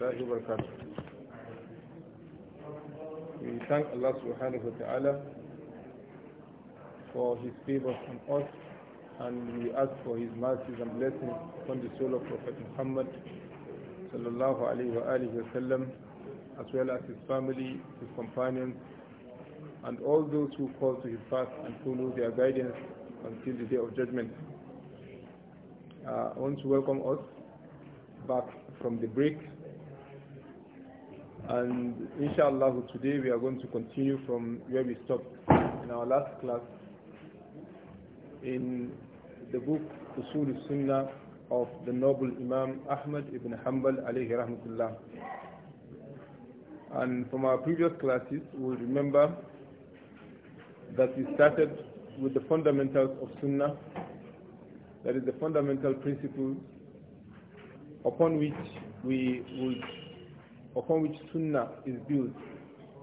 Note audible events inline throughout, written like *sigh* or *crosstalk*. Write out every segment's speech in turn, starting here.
We thank Allah subhanahu wa ta'ala for his favors on us and we ask for his mercies and blessings upon the soul of Prophet Muhammad sallallahu alayhi wa alihi wa sallam as well as his family, his companions and all those who call to his path and follow their guidance until the day of judgment. Uh, I want to welcome us back from the break and inshallah, today we are going to continue from where we stopped in our last class in the book Usul Sunnah of the noble Imam Ahmad ibn Hanbal alayhi rahmatullah. And from our previous classes, we remember that we started with the fundamentals of Sunnah, that is the fundamental principles upon which we would upon which Sunnah is built.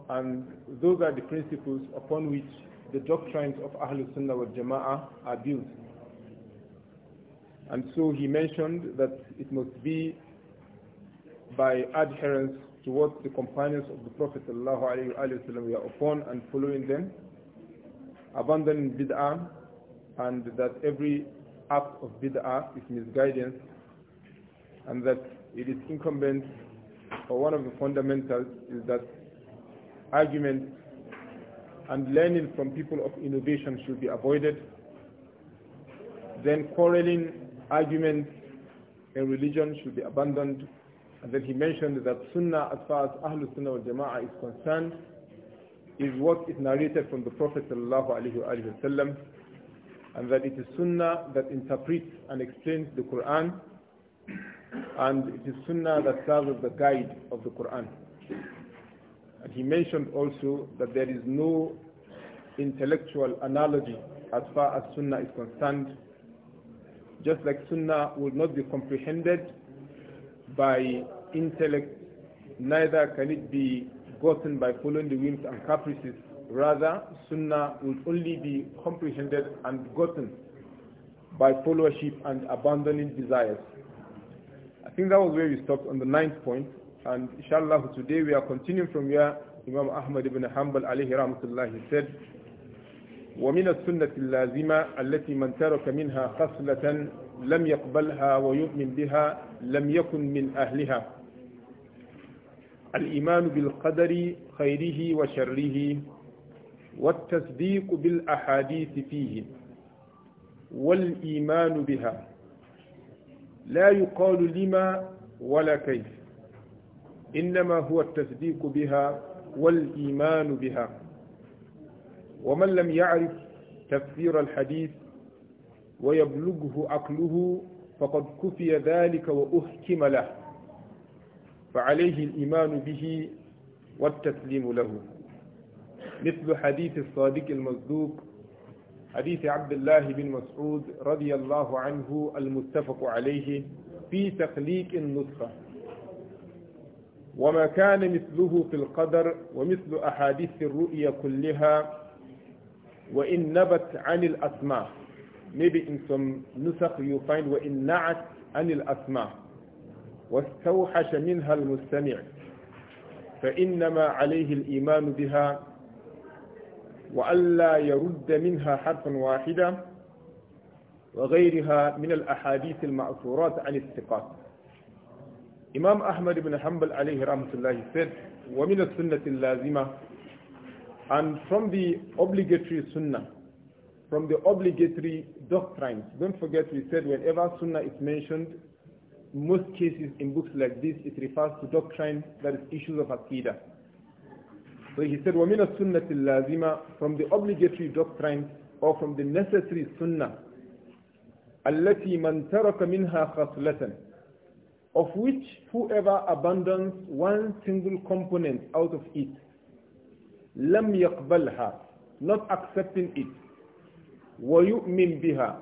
And those are the principles upon which the doctrines of Ahlul Sunnah wal Jama'ah are built. And so he mentioned that it must be by adherence towards the companions of the Prophet ﷺ we are upon and following them, abandoning bid'ah, and that every act of bid'ah is misguidance, and that it is incumbent or one of the fundamentals is that arguments and learning from people of innovation should be avoided. Then quarreling arguments and religion should be abandoned. And then he mentioned that Sunnah, as far as Ahlul Sunnah wal Jama'ah is concerned, is what is narrated from the Prophet وسلم, and that it is Sunnah that interprets and explains the Quran and it is Sunnah that serves as the guide of the Quran. And he mentioned also that there is no intellectual analogy as far as Sunnah is concerned, just like Sunnah will not be comprehended by intellect, neither can it be gotten by following the whims and caprices. Rather, Sunnah will only be comprehended and gotten by followership and abandoning desires. I think that was where we stopped on the ninth point. And inshallah, today we are continuing from here. Imam Ahmad ibn Hanbal alayhi rahmatullah he said, وَمِنَ السنة اللازمة التي مَنْ تَرَكَ مِنْهَا خَصْلَةً لَمْ يَقْبَلْهَا وَيُؤْمِنْ بِهَا لَمْ يَكُنْ مِنْ أَهْلِهَا الإيمان بِالْقَدَرِ خَيْرِهِ وَشَرِّهِ والتصديق بِالْأَحَادِيثِ فِيهِ والإيمان بِهَا لا يقال لما ولا كيف إنما هو التصديق بها والإيمان بها ومن لم يعرف تفسير الحديث ويبلغه عقله فقد كفي ذلك وأحكم له فعليه الإيمان به والتسليم له مثل حديث الصادق المصدوق حديث عبد الله بن مسعود رضي الله عنه المتفق عليه في تقليق النسخة وما كان مثله في القدر ومثل أحاديث الرؤيا كلها وإن نبت عن الأسماء maybe in some نسخ you find وإن نعت عن الأسماء واستوحش منها المستمع فإنما عليه الإيمان بها وألا يرد منها حرفا واحدا وغيرها من الأحاديث المأثورات عن الثقات إمام أحمد بن حنبل عليه رحمة الله said ومن السنة اللازمة and from the obligatory sunnah from the obligatory doctrines don't forget we said whenever sunnah is mentioned in most cases in books like this it refers to doctrine that is issues of aqidah So he said, وَمِنَ السُنَّةِ اللَّازِمَةِ From the obligatory doctrine or from the necessary sunnah التي من ترك منها خصلة of which whoever abandons one single component out of it لم يقبلها not accepting it ويؤمن بها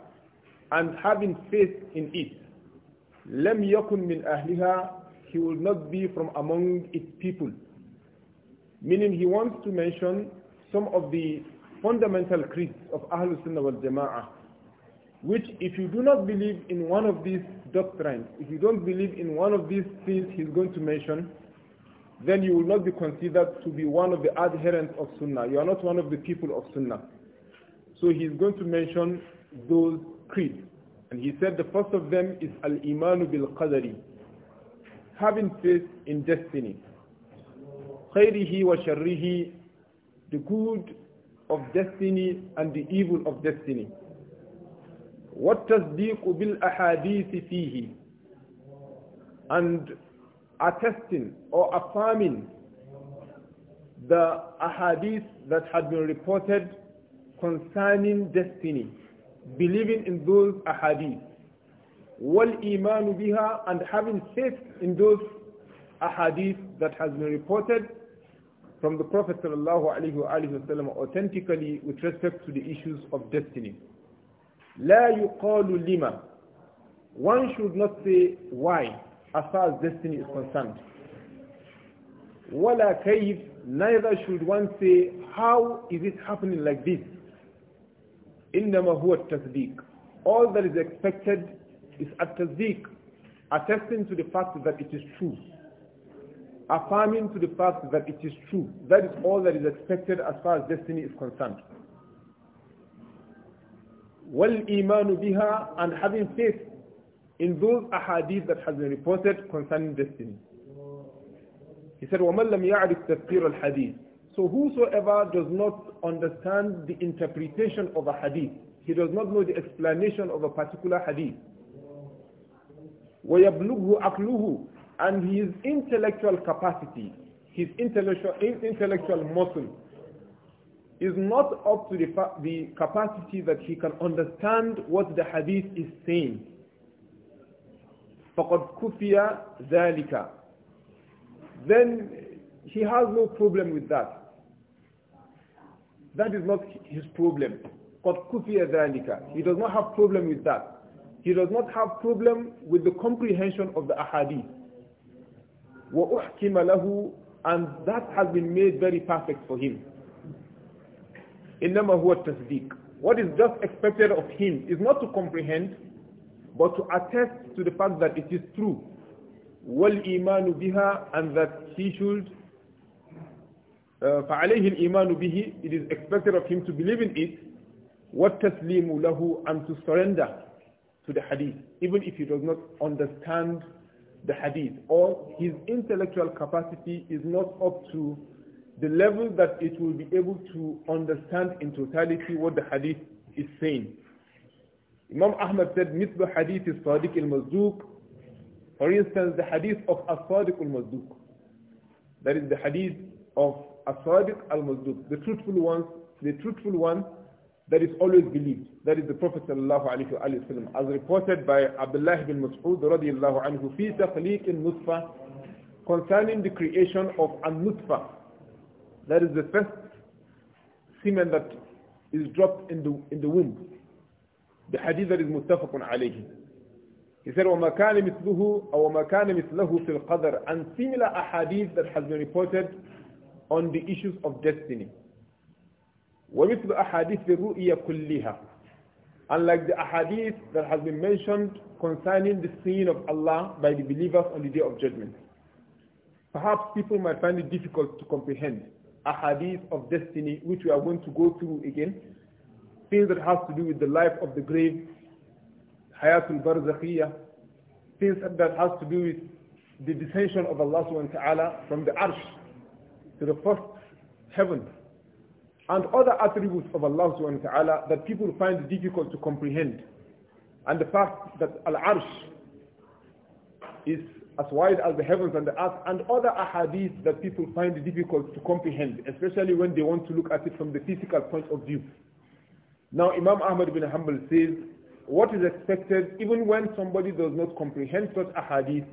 and having faith in it لم يكن من أهلها he will not be from among its people Meaning he wants to mention some of the fundamental creeds of Ahlul Sunnah wal Jama'ah, which if you do not believe in one of these doctrines, if you don't believe in one of these things he's going to mention, then you will not be considered to be one of the adherents of Sunnah. You are not one of the people of Sunnah. So he's going to mention those creeds. And he said the first of them is Al-Imanu bil-Qadari, having faith in destiny wa sharrihi, the good of destiny and the evil of destiny What والتصديق بالأحاديث فيه and attesting or affirming the ahadith that had been reported concerning destiny believing in those ahadith iman biha, and having faith in those ahadith that has been reported from the Prophet sallam authentically with respect to the issues of destiny. لا يقال لما One should not say why as far as destiny is concerned. ولا كيف Neither should one say how is it happening like this. إنما هو التصديق All that is expected is at attesting to the fact that it is true affirming to the fact that it is true. That is all that is expected as far as destiny is concerned. وَالْإِيمَانُ بِهَا and having faith in those ahadith that has been reported concerning destiny. He said, وَمَنْ لَمْ يَعْرِفْ تَفْسِيرَ الْحَدِيثِ So whosoever does not understand the interpretation of a hadith, he does not know the explanation of a particular hadith, وَيَبْلُغْهُ عَقْلُهُ and his intellectual capacity, his intellectual, intellectual muscle is not up to the, the capacity that he can understand what the hadith is saying. فَقَدْ كُفِيَ ذَلِكَ Then he has no problem with that. That is not his problem. قَدْ كُفِيَ ذَلِكَ He does not have problem with that. He does not have problem with the comprehension of the ahadith. وَأُحْكِمَ لَهُ And that has been made very perfect for him. إِنَّمَا هُوَ التَّصْدِيقِ What is just expected of him is not to comprehend, but to attest to the fact that it is true. وَالْإِيمَانُ بِهَا And that he should uh, فَعَلَيْهِ الْإِيمَانُ بِهِ It is expected of him to believe in it. وَالتَّسْلِيمُ لَهُ And to surrender to the hadith, even if he does not understand the hadith or his intellectual capacity is not up to the level that it will be able to understand in totality what the hadith is saying. Imam Ahmad said, Mithba hadith is Sadiq al-Mazduq. For instance, the hadith of As-Sadiq al-Mazduq. That is the hadith of As-Sadiq al-Mazduq. The truthful ones, the truthful one that is always believed. That is the Prophet sallallahu alayhi wa as reported by Abdullah bin Mas'ud radiallahu anhu, fi taqliq nutfa, concerning the creation of an nutfa. That is the first semen that is dropped in the, in the womb. The hadith that is muttafaqun alayhi. He said, وَمَا كَانَ مِثْلُهُ أَوْ وَمَا كَانَ مِثْلَهُ فِي الْقَدْر And similar ahadith that has been reported on the issues of destiny. ومثل أحاديث الرُّوْيَةِ كلها unlike the ahadith that has been mentioned concerning the seeing of Allah by the believers on the day of judgment. Perhaps people might find it difficult to comprehend ahadith of destiny, which we are going to go through again, things that has to do with the life of the grave, hayatul barzakhiyah, things that has to do with the descension of Allah subhanahu wa ta'ala from the arsh to the first heaven and other attributes of Allah subhanahu wa ta'ala that people find difficult to comprehend. And the fact that Al-Arsh is as wide as the heavens and the earth and other ahadith that people find difficult to comprehend, especially when they want to look at it from the physical point of view. Now Imam Ahmad bin Hanbal says, what is expected even when somebody does not comprehend such ahadith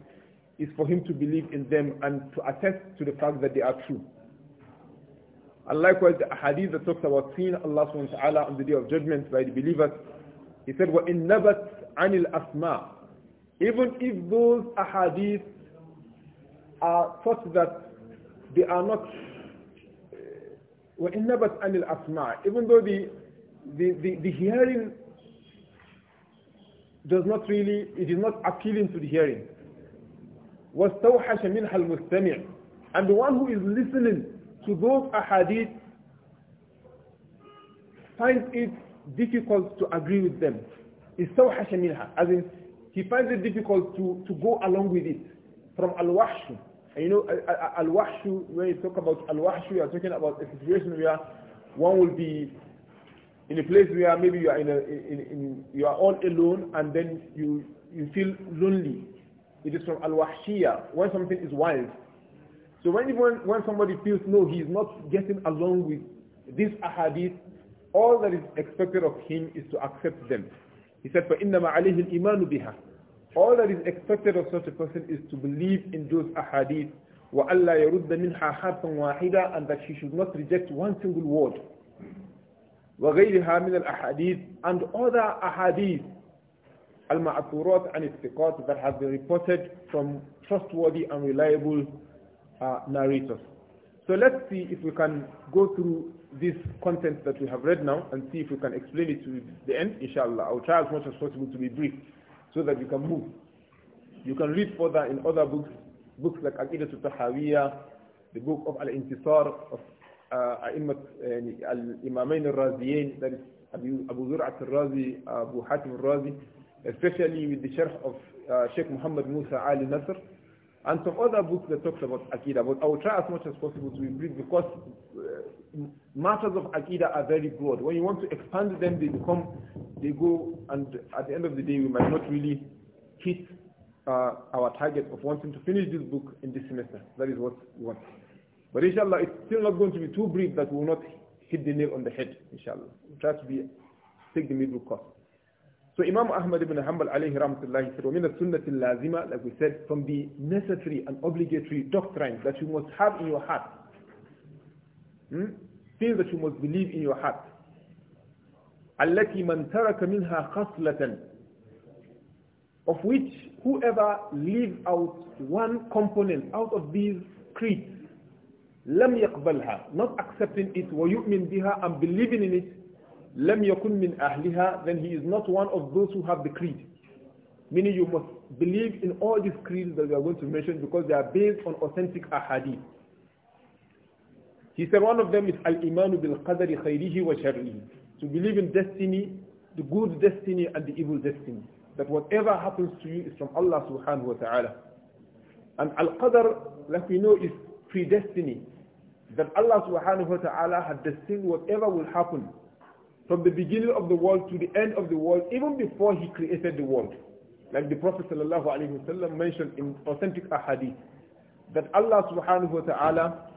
is for him to believe in them and to attest to the fact that they are true. And likewise, the hadith that talks about seeing Allah subhanahu wa ta'ala on the day of judgment by the believers, he said, وَإِن نَبَتْ عَنِ الْأَسْمَاءِ Even if those ahadith are such that they are not وَإِن نَبَتْ عَنِ الْأَسْمَاءِ Even though the, the, the, the hearing does not really, it is not appealing to the hearing. وَاسْتَوْحَشَ مِنْهَا الْمُسْتَمِعِ And the one who is listening to those ahadith finds it difficult to agree with them. استوحش منها as in he finds it difficult to, to go along with it from al and you know al washu when you talk about al washu you are talking about a situation where one will be in a place where maybe you are in a, in, in, you are all alone and then you you feel lonely. It is from al-wahshiyah, when something is wild. So when, when, when somebody feels, no, he is not getting along with these ahadith, all that is expected of him is to accept them. He said, فَإِنَّمَا عَلَيْهِ الْإِيمَانُ بِهَا All that is expected of such a person is to believe in those ahadith, وَأَلَّا يَرُدَّ مِنْهَا حَرْفًا وَاحِدًا And that she should not reject one single word. وَغَيْرِهَا مِنَ الْأَحَادِيثِ And other ahadith, al-ma'aturat and istiqat that have been reported from trustworthy and reliable uh, narrators. So let's see if we can go through this content that we have read now and see if we can explain it to the end, inshallah. I'll try as much as possible to be brief so that we can move. You can read further in other books, books like Aqidah tahawiyah the book of Al-Intisar of uh, Al-Imamain al-Raziyin, that is Abu, Abu Zur'at al-Razi, Abu Hatim al-Razi, especially with the sharh of uh, Sheikh Muhammad Musa Ali Nasr, and some other books that talks about Akida, but I will try as much as possible to be brief because uh, matters of Akida are very broad. When you want to expand them, they become, they go, and at the end of the day, we might not really hit uh, our target of wanting to finish this book in this semester. That is what we want. But inshallah, it's still not going to be too brief that we will not hit the nail on the head, inshallah. We try to be, take the middle course. So Imam Ahmad ibn Hanbal alayhi rahmatullahi said, وَمِنَ السُنَّةِ اللَّازِمَةِ Like we said, from the necessary and obligatory doctrines that you must have in your heart. Hmm? Things that you must believe in your heart. التي من ترك منها خصلة of which whoever leaves out one component out of these creeds لم يقبلها not accepting it ويؤمن بها and believing in it لم يكن من Ahliha, then he is not one of those who have the creed meaning you must believe in all these creeds that we are going to mention because they are based on authentic ahadith he said one of them is al Iman bil-qadari khayrihi wa sharrihi to believe in destiny the good destiny and the evil destiny that whatever happens to you is from Allah subhanahu wa ta'ala and al-qadar like we know is predestiny that Allah subhanahu wa ta'ala had destined whatever will happen from the beginning of the world to the end of the world, even before he created the world. Like the Prophet ﷺ mentioned in authentic ahadith, that Allah subhanahu wa ta'ala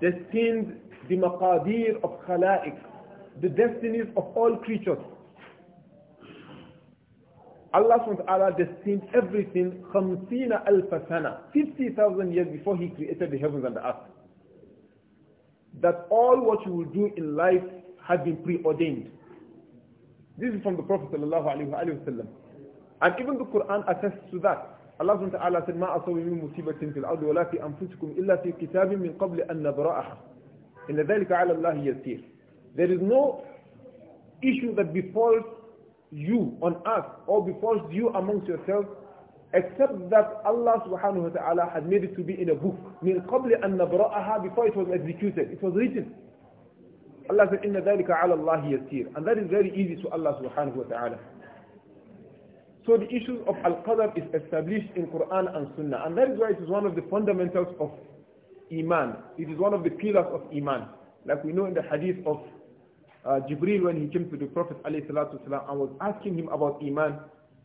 destined the maqadir of khala'iq, the destinies of all creatures. Allah subhanahu wa ta'ala destined everything khamsina al sana, 50,000 years before he created the heavens and the earth. That all what you will do in life has been preordained. This is from the Prophet ﷺ. And even the Quran attests to that. Allah subhanahu ta'ala said, مَا أَصَوِ مِن مُصِيبَةٍ فِي الْأَرْضِ وَلَا فِي أَنفُسِكُمْ إِلَّا فِي كِتَابٍ مِّن قَبْلِ أَن نَبْرَأَهَا إِنَّ ذَلِكَ عَلَى اللَّهِ يَسِيرٌ There is no issue that befalls you on earth or befalls you amongst yourselves except that Allah subhanahu wa ta'ala made it to be in a book. مِن قَبْلِ أَن نَبْرَأَهَا Before it was executed, it was written. Allah said, Inna dhalika ala Allah yasir. And that is very easy to Allah subhanahu wa ta'ala. So the issue of Al-Qadr is established in Quran and Sunnah. And that is why it is one of the fundamentals of Iman. It is one of the pillars of Iman. Like we know in the hadith of uh, Jibril when he came to the Prophet ﷺ and was asking him about Iman.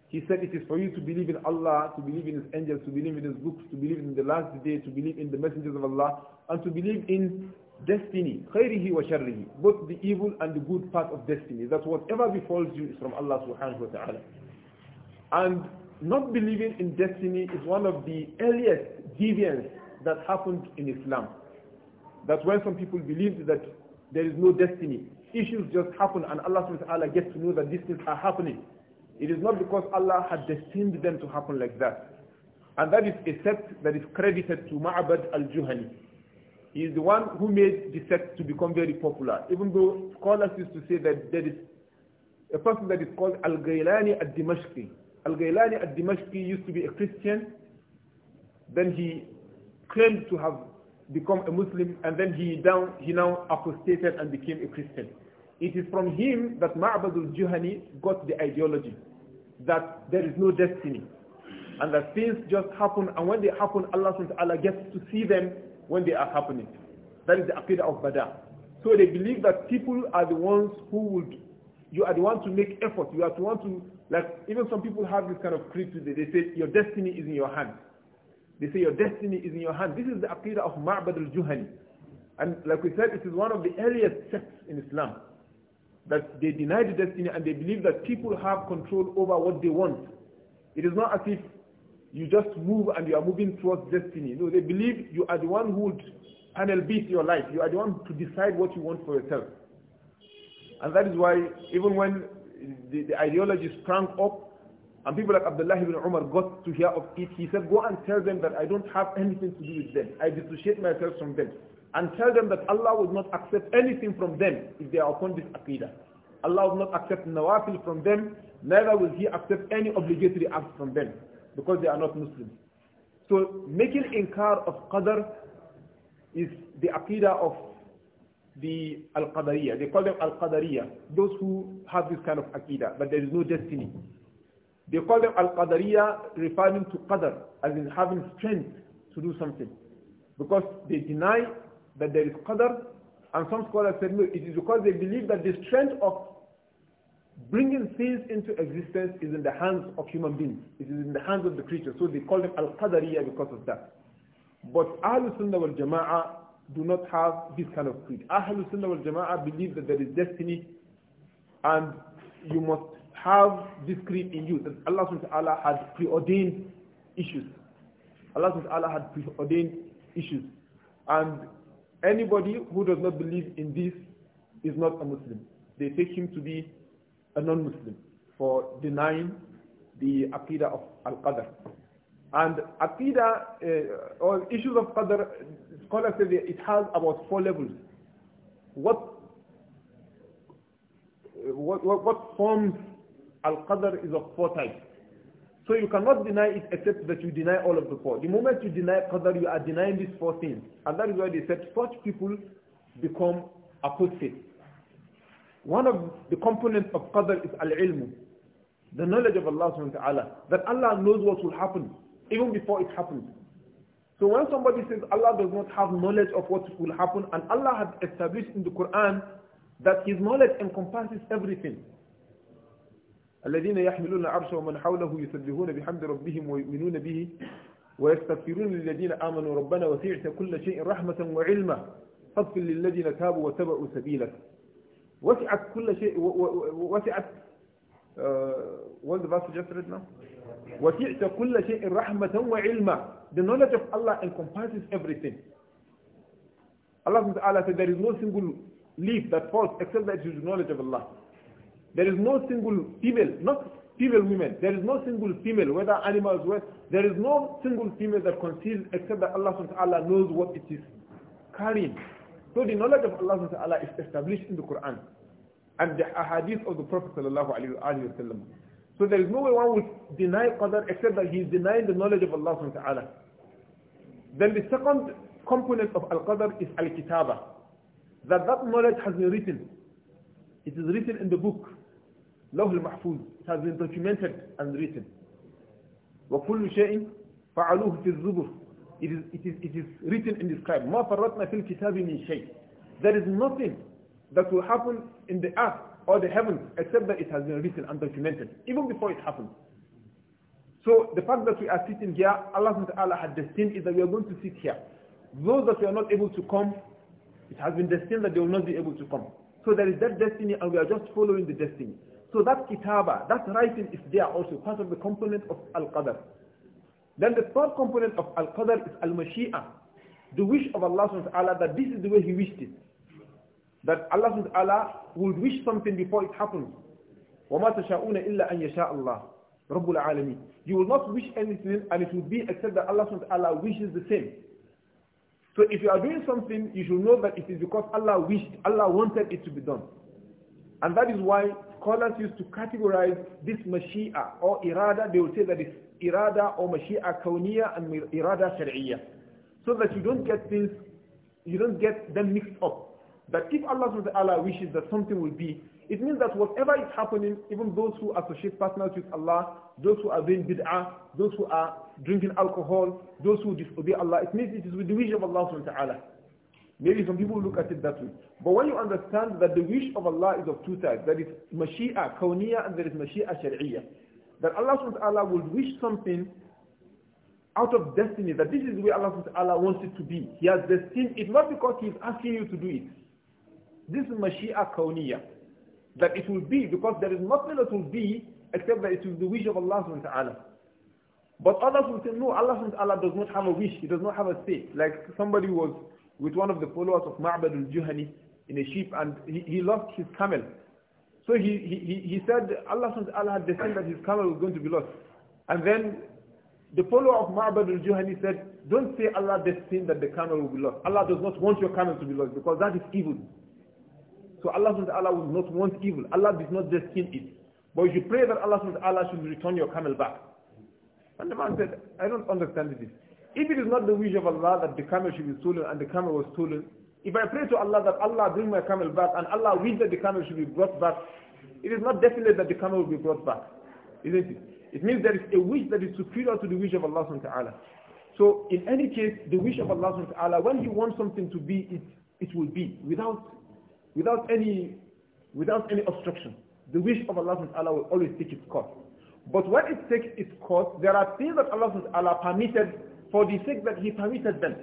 He said, it is for you to believe in Allah, to believe in His angels, to believe in His books, to believe in the last day, to believe in the messengers of Allah, and to believe in destiny, wa sharrihi, both the evil and the good part of destiny, that whatever befalls you is from Allah subhanahu wa ta'ala. And not believing in destiny is one of the earliest deviance that happened in Islam. That's when some people believed that there is no destiny. Issues just happen and Allah subhanahu wa ta'ala gets to know that these things are happening. It is not because Allah had destined them to happen like that. And that is a sect that is credited to Ma'abad al-Juhani. He is the one who made the sect to become very popular, even though scholars used to say that there is a person that is called Al-Ghailani al-Dimashqi. Al-Ghailani al-Dimashqi used to be a Christian, then he claimed to have become a Muslim, and then he, he now apostated and became a Christian. It is from him that Ma'bad al-Juhani got the ideology that there is no destiny and that things just happen and when they happen Allah subhanahu Allah gets to see them when they are happening. That is the aqidah of Bada. So they believe that people are the ones who would, you are the one to make effort. You are the one to, like, even some people have this kind of creed today. They say, your destiny is in your hand. They say, your destiny is in your hand. This is the aqidah of Ma'bad al-Juhani. And like we said, it is one of the earliest sects in Islam that they deny the destiny and they believe that people have control over what they want. It is not as if you just move and you are moving towards destiny. No, they believe you are the one who would panel beat your life. You are the one to decide what you want for yourself. And that is why even when the, the ideology sprang up and people like Abdullah ibn Umar got to hear of it, he said, go and tell them that I don't have anything to do with them. I dissociate myself from them. And tell them that Allah will not accept anything from them if they are upon this aqidah. Allah will not accept nawafil from them, neither will He accept any obligatory acts from them because they are not Muslims. So making inkar of qadr is the aqidah of the al-qadariyah. They call them al-qadariyah, those who have this kind of aqidah, but there is no destiny. They call them al-qadariyah referring to qadr, as in having strength to do something. Because they deny that there is qadr, and some scholars said, no, it is because they believe that the strength of bringing things into existence is in the hands of human beings. It is in the hands of the creature. So they call them Al-Qadariyah because of that. But Ahlul Sunnah wal Jama'ah do not have this kind of creed. Ahlul Sunnah wal Jama'ah believe that there is destiny and you must have this creed in you. That Allah subhanahu wa ta'ala had preordained issues. Allah subhanahu wa ta'ala had preordained issues. And anybody who does not believe in this is not a Muslim. They take him to be a non-Muslim for denying the Aqidah of Al-Qadr. And Aqidah, uh, or issues of Qadr, scholars say it has about four levels. Uh, what, what, what, forms Al-Qadr is of four types. So you cannot deny it except that you deny all of the four. The moment you deny Qadr, you are denying these four things. And that is why they said such people become apostates. One of the components of qadr is al-ilm, the knowledge of Allah subhanahu wa ta'ala, that Allah knows what will happen, even before it happens. So when somebody says Allah does not have knowledge of what will happen, and Allah has established in the Quran that His knowledge encompasses everything. الذين يحملون العرش ومن حوله يسبحون بحمد ربهم ويؤمنون به ويستغفرون للذين آمنوا ربنا وسعت كل شيء رحمة وعلما فاغفر للذين تابوا وتبعوا سبيلك وسعت كل شيء وسعت what the verse now? وسعت كل شيء رحمة وعلما The knowledge of Allah encompasses everything. Allah subhanahu said there is no single leaf that falls except that it is the knowledge of Allah. There is no single female, not female women. There is no single female, whether animals, were, there is no single female that conceals except that Allah subhanahu knows what it is carrying. So the knowledge of Allah Taala is established in the Quran and the ahadith of the Prophet sallallahu alaihi wasallam. So there is no way one would deny qadar except that he is denying the knowledge of Allah Taala. Then the second component of al-qadar is al-kitaba, that that knowledge has been written. It is written in the book, Lawh al-Mahfuz. It has been documented and written. وَكُلُّ شَيْءٍ فَعَلُوهُ فِي الزُّبُرِ it is, it is, it is written and described. Ma Faratna فِي الْكِتَابِ min شَيْءٍ There is nothing that will happen in the earth or the heavens except that it has been written and documented, even before it happens. So the fact that we are sitting here, Allah subhanahu had destined is that we are going to sit here. Those that are not able to come, it has been destined that they will not be able to come. So there is that destiny and we are just following the destiny. So that kitaba, that writing is there also, part of the component of Al-Qadr. Then the third component of Al-Qadr is al mashia the wish of Allah subhanahu wa ta'ala that this is the way He wished it. That Allah subhanahu wa ta'ala would wish something before it happens. وَمَا تَشَاءُونَ إِلَّا أَن يَشَاءَ اللَّهُ رَبُّ الْعَالَمِينَ You will not wish anything and it will be except that Allah subhanahu wa ta'ala wishes the same. So if you are doing something, you should know that it is because Allah wished, Allah wanted it to be done. And that is why scholars used to categorize this mashia or irada, they would say that it's irada or mashia kawniyya and irada shar'iyya. So that you don't get things, you don't get them mixed up. That if Allah subhanahu wa ta'ala wishes that something will be, it means that whatever is happening, even those who associate partners with Allah, those who are doing bid'ah, those who are drinking alcohol, those who disobey Allah, it means it is with the wish of Allah subhanahu wa ta'ala. Maybe some people look at it that way. But when you understand that the wish of Allah is of two types, that is mashia kawniyya and there is mashia shari'iyya that Allah subhanahu wa ta'ala would wish something out of destiny, that this is the way Allah subhanahu wa ta'ala wants it to be. He has destined it not because He is asking you to do it. This is Mashi'a kauniya. That it will be, because there is nothing that will be except that it is the wish of Allah subhanahu wa ta'ala. But others will say, no, Allah subhanahu wa ta'ala does not have a wish, He does not have a say. Like somebody was with one of the followers of Ma'bad al-Juhani in a sheep and he, he lost his camel. So he, he, he said Allah subhanahu had descended that his camel was going to be lost. And then the follower of Ma'bad al-Juhani said, don't say Allah destined that the camel will be lost. Allah does not want your camel to be lost because that is evil. So Allah subhanahu would not want evil. Allah did not destine it. But you should pray that Allah subhanahu should return your camel back. And the man said, I don't understand this. If it is not the wish of Allah that the camel should be stolen and the camel was stolen, if I pray to Allah that Allah bring my camel back and Allah wills that the camel should be brought back, it is not definite that the camel will be brought back. Isn't it? It means there is a wish that is superior to the wish of Allah subhanahu wa ta'ala. So in any case, the wish of Allah subhanahu wa ta'ala, when He wants something to be, it, it will be without, without, any, without any obstruction. The wish of Allah subhanahu wa ta'ala will always take its course. But when it takes its course, there are things that Allah subhanahu wa ta'ala permitted for the sake that He permitted them.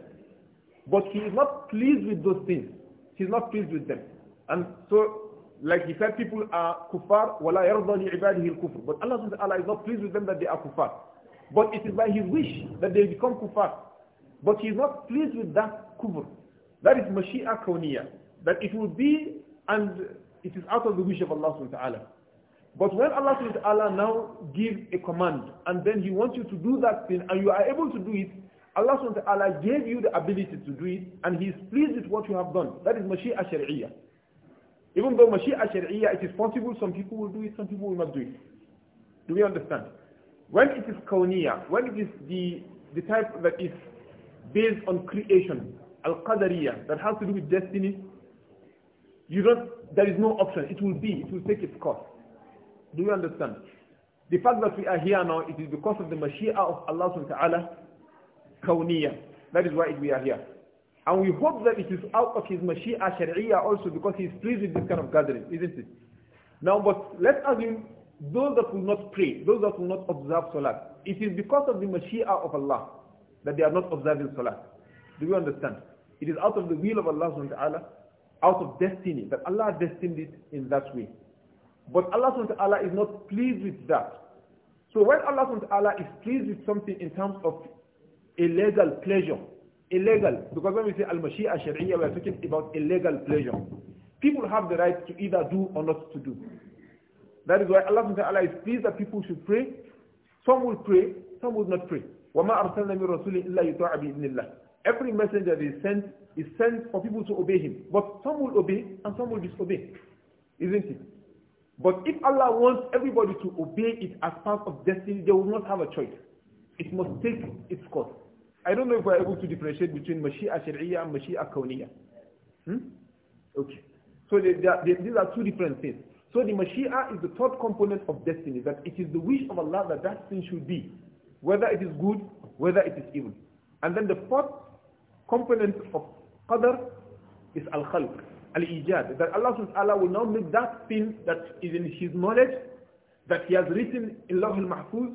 But he is not pleased with those things. He is not pleased with them. And so, like he said, people are kufar, وَلَا يَرْضَى لِعِبَادِهِ الْكُفْرِ But Allah subhanahu wa ta'ala is not pleased with them that they are kufar. But it is by his wish that they become kufar. But he is not pleased with that kufr. That is mashia kawniya. That it will be and it is out of the wish of Allah subhanahu wa ta'ala. But when Allah subhanahu wa ta'ala now gives a command and then he wants you to do that thing and you are able to do it, Allah SWT gave you the ability to do it and He is pleased with what you have done. That is Mashi'a Shari'iyah. Even though Mashi'a Shari'iyah, it is possible some people will do it, some people will not do it. Do we understand? When it is Kawniyah, when it is the, the type that is based on creation, Al-Qadariyah, that has to do with destiny, you don't, there is no option. It will be, it will take its course. Do you understand? The fact that we are here now, it is because of the Mashi'a of Allah subhanahu wa ta'ala kawniyah. That is why we are here. And we hope that it is out of his mashia Sharia also because he is pleased with this kind of gathering, isn't it? Now, but let's assume those that will not pray, those that will not observe salah, it is because of the mashia of Allah that they are not observing salah. Do you understand? It is out of the will of Allah subhanahu wa ta'ala, out of destiny, that Allah destined it in that way. But Allah subhanahu wa ta'ala is not pleased with that. So when Allah subhanahu wa ta'ala is pleased with something in terms of illegal pleasure. Illegal, because when we say al-mashia sharia, we are talking about illegal pleasure. People have the right to either do or not to do. That is why Allah Ta'ala is pleased that people should pray. Some will pray, some will not pray. وَمَا أَرْسَلْنَا مِنْ رَسُولٍ إِلَّا يُطَاعَ بِإِذْنِ اللَّهِ Every messenger that is sent is sent for people to obey him. But some will obey and some will disobey. Isn't it? But if Allah wants everybody to obey it as part of destiny, they will not have a choice. It must take its course. I don't know if we're able to differentiate between Mashi'a Shari'iyya and Mashi'a Kawniyya. Hmm? Okay. So they, they, these are two different things. So the Mashi'a is the third component of destiny, that it is the wish of Allah that that thing should be, whether it is good, whether it is evil. And then the fourth component of Qadr is Al-Khalq, Al-Ijad, that Allah subhanahu will now make that thing that is in His knowledge, that He has written in Lawh al-Mahfuz,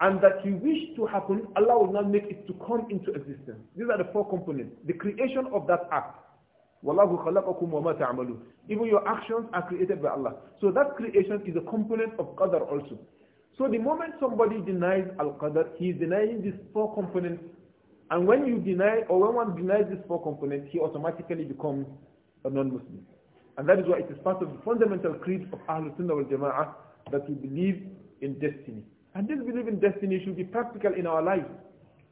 and that you wish to happen, Allah will not make it to come into existence. These are the four components. The creation of that act. وَاللَّهُ خَلَقَكُمْ وَمَا تَعْمَلُونَ Even your actions are created by Allah. So that creation is a component of qadr also. So the moment somebody denies al-qadr, he is denying these four components. And when you deny, or when one denies these four components, he automatically becomes a non-Muslim. And that is why it is part of the fundamental creed of Ahlul Sunnah wal Jama'ah that we believe in destiny. And this belief in destiny should be practical in our life.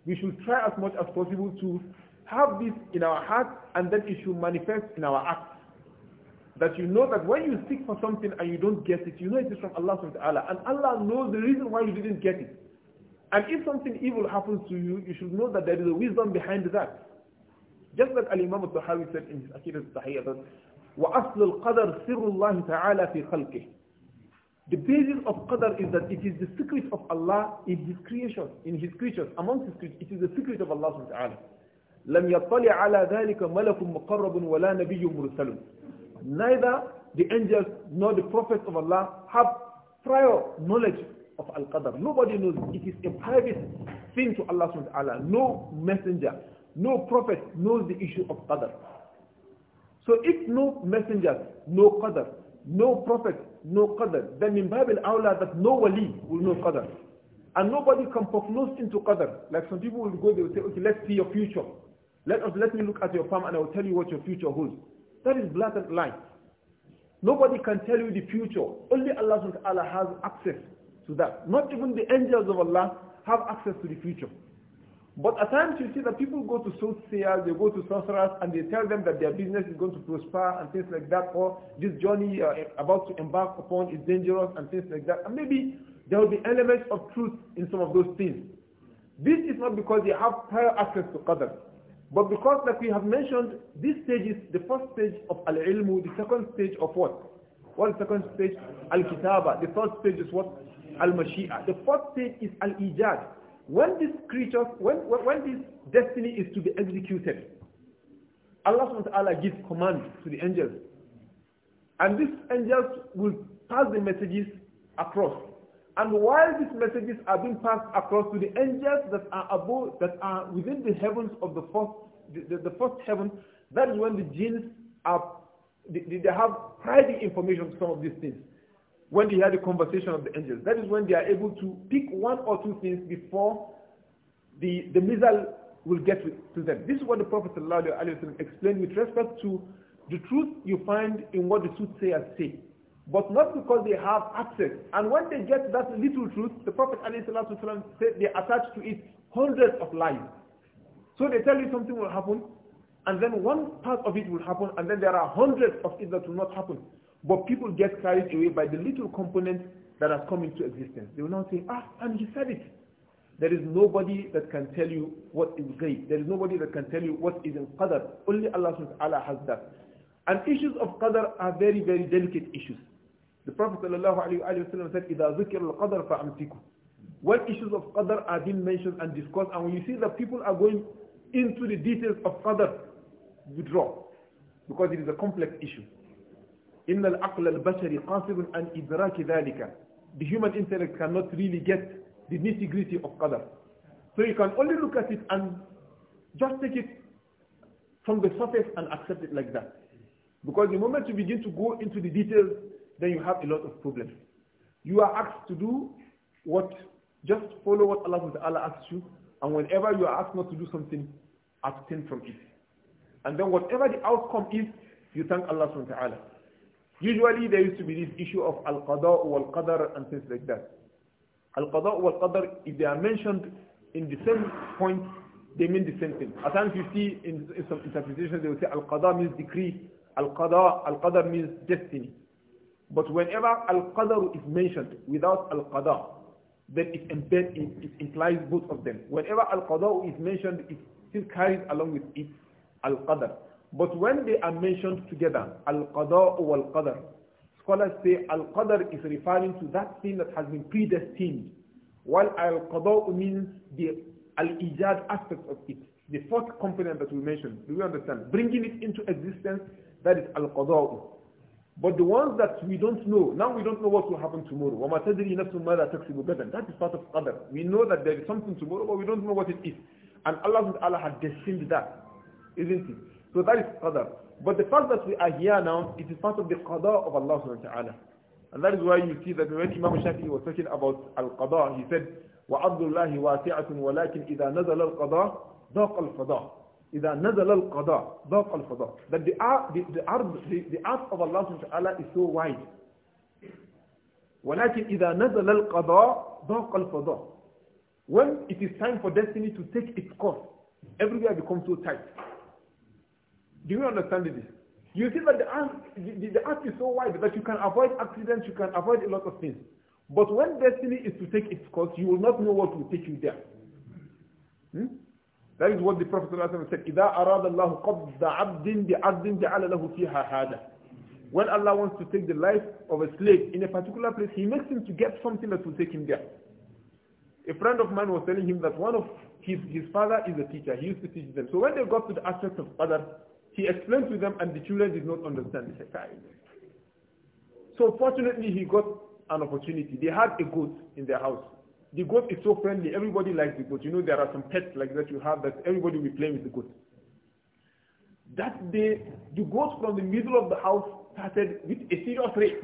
We should try as much as possible to have this in our heart and that it should manifest in our acts. That you know that when you seek for something and you don't get it, you know it is from Allah subhanahu wa ta'ala. And Allah knows the reason why you didn't get it. And if something evil happens to you, you should know that there is a wisdom behind that. Just like Al-Imam al-Tahawi said in his Akhira al-Sahiyah, وَأَصْلُ الْقَدَرْ سِرُّ اللَّهِ تَعَالَى فِي خَلْقِهِ the basis of Qadr is that it is the secret of Allah in His creation, in His creatures, amongst His creatures. It is the secret of Allah subhanahu wa ta'ala. لم يطلع على ذلك ملك مقرب ولا نبي مرسل. Neither the angels nor the prophets of Allah have prior knowledge of Al-Qadr. Nobody knows. It is a private thing to Allah subhanahu wa ta'ala. No messenger, no prophet knows the issue of Qadr. So if no messenger, no Qadr, no prophet, no qadr, then in Babil Aula that no wali will know qadr. And nobody can prognose into qadr. Like some people will go, they will say, okay, let's see your future. Let us, let me look at your palm and I will tell you what your future holds. That is blatant lie. Nobody can tell you the future. Only Allah subhanahu wa ta'ala has access to that. Not even the angels of Allah have access to the future. But at times you see that people go to soothsayers, they go to sorcerers, and they tell them that their business is going to prosper and things like that, or this journey are uh, about to embark upon is dangerous and things like that. And maybe there will be elements of truth in some of those things. This is not because they have prior access to Qadr, but because like we have mentioned, this stage is the first stage of Al-Ilmu, the second stage of what? What is the second stage? Al-Kitaba. The third stage is what? Al-Mashi'a. The fourth stage is Al-Ijad when this creature, when, when this destiny is to be executed, Allah subhanahu wa ta'ala gives command to the angels. And these angels will pass the messages across. And while these messages are being passed across to the angels that are above, that are within the heavens of the first, the, the, the first heaven, that is when the jinns are, they, they have private information of some of these things when they hear the conversation of the angels. That is when they are able to pick one or two things before the, the missile will get to them. This is what the Prophet ﷺ explained with respect to the truth you find in what the soothsayers say, but not because they have access. And when they get that little truth, the Prophet ﷺ said they attach to it hundreds of lies. So they tell you something will happen, and then one part of it will happen, and then there are hundreds of it that will not happen. But people get carried away by the little components that has come into existence. They will now say, ah, and he said it. There is nobody that can tell you what is great. There is nobody that can tell you what is in qadar. Only Allah subhanahu wa ta'ala has that. And issues of qadar are very, very delicate issues. The Prophet ﷺ said, إِذَا ذُكِرُ الْقَدْرَ فَأَمْسِكُ When issues of qadar are being mentioned and discussed, and when you see that people are going into the details of qadar, withdraw. Because it is a complex issue. إن العقل البشري قاصر عن إدراك ذلك. The human intellect cannot really get the nitty-gritty of qadar. So you can only look at it and just take it from the surface and accept it like that. Because the moment you begin to go into the details, then you have a lot of problems. You are asked to do what, just follow what Allah Ta'ala asks you, and whenever you are asked not to do something, abstain from it. And then whatever the outcome is, you thank Allah Ta'ala. Usually there used to be this issue of al-qada wal-qadar and things like that. Al-qada wal-qadar, if they are mentioned in the same point, they mean the same thing. At times you see in, in some interpretations they will say al-qada means decree, al-qada, al-qadar means destiny. But whenever al-qadar is mentioned without al-qada, then it, embed, it, it implies both of them. Whenever al-qada is mentioned, it still carries along with it al-qadar. But when they are mentioned together, al-qada al qadar scholars say al-qadar is referring to that thing that has been predestined, while al-qada means the al-ijad aspect of it, the fourth component that we mentioned. Do we understand? Bringing it into existence, that is al-qada. But the ones that we don't know, now we don't know what will happen tomorrow. وَمَا تَدْرِي نَفْسٌ مَاذَا تَكْسِبُ غَدًا That is part of qadar. We know that there is something tomorrow, but we don't know what it is. And Allah, Allah has destined that, isn't it? So that is qadar. But the fact that we are here now, it is part of the qadar of Allah subhanahu wa ta'ala. And that is why you see that when Imam Shafi'i was talking about al-qadar, he said, وَعَبْدُ اللَّهِ وَاسِعَةٌ وَلَكِنْ إِذَا نَزَلَ الْقَضَاء ضَاقَ الْفَضَاء إِذَا نَزَلَ الْقَضَاء ضَاقَ الْفَضَاء That the art, the, the, art, the, the art of Allah subhanahu wa ta'ala is so wide. وَلَكِنْ إِذَا نَزَلَ الْقَضَاء ضَاقَ الْفَضَاء When it is time for destiny to take its course, everywhere becomes so tight. Do you understand this? You see that the act, the, the is so wide that you can avoid accidents, you can avoid a lot of things. But when destiny is to take its course, you will not know what will take you there. Hmm? That is what the Prophet ﷺ said, إِذَا أَرَادَ اللَّهُ قَبْضَ عَبْدٍ بِعَبْدٍ جَعَلَ لَهُ فِيهَا حَادَ When Allah wants to take the life of a slave in a particular place, He makes him to get something that will take him there. A friend of mine was telling him that one of his, his father is a teacher. He used to teach them. So when they got to the aspect of father. He explained to them and the children did not understand the Shekai. So fortunately he got an opportunity. They had a goat in their house. The goat is so friendly. Everybody likes the goat. You know there are some pets like that you have that everybody will play with the goat. That day, the goat from the middle of the house started with a serious rate.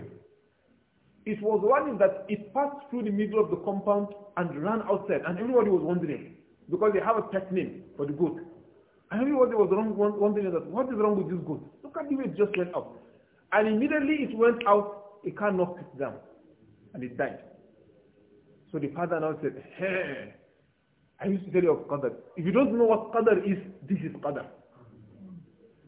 It was running that it passed through the middle of the compound and ran outside and everybody was wondering because they have a pet name for the goat. I knew what was wrong, one, one thing is that, what is wrong with this goat? Look at the way it just went up. And immediately it went out, a car knocked it down, and it died. So the father now said, hey, I used to tell you of Qadr. If you don't know what Qadr is, this is Qadr.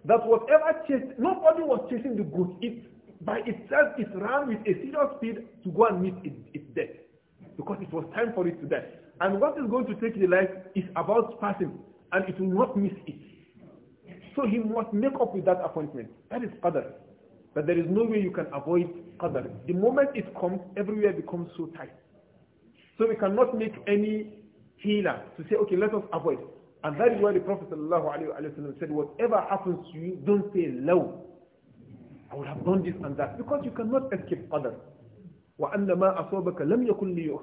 That whatever chased, nobody was chasing the goat. It, by itself, it ran with a serious speed to go and meet its, its death. Because it was time for it to die. And what is going to take the life is about passing. and it will not miss it. So he must make up with that appointment. That is qadr. But there is no way you can avoid qadr. The moment it comes, everywhere becomes so tight. So we cannot make any healer to say, okay, let us avoid. And that is why the Prophet ﷺ said, whatever happens to you, don't say no, I would have done this and that. Because you cannot escape qadr. وَأَنَّ مَا لَمْ يَكُنْ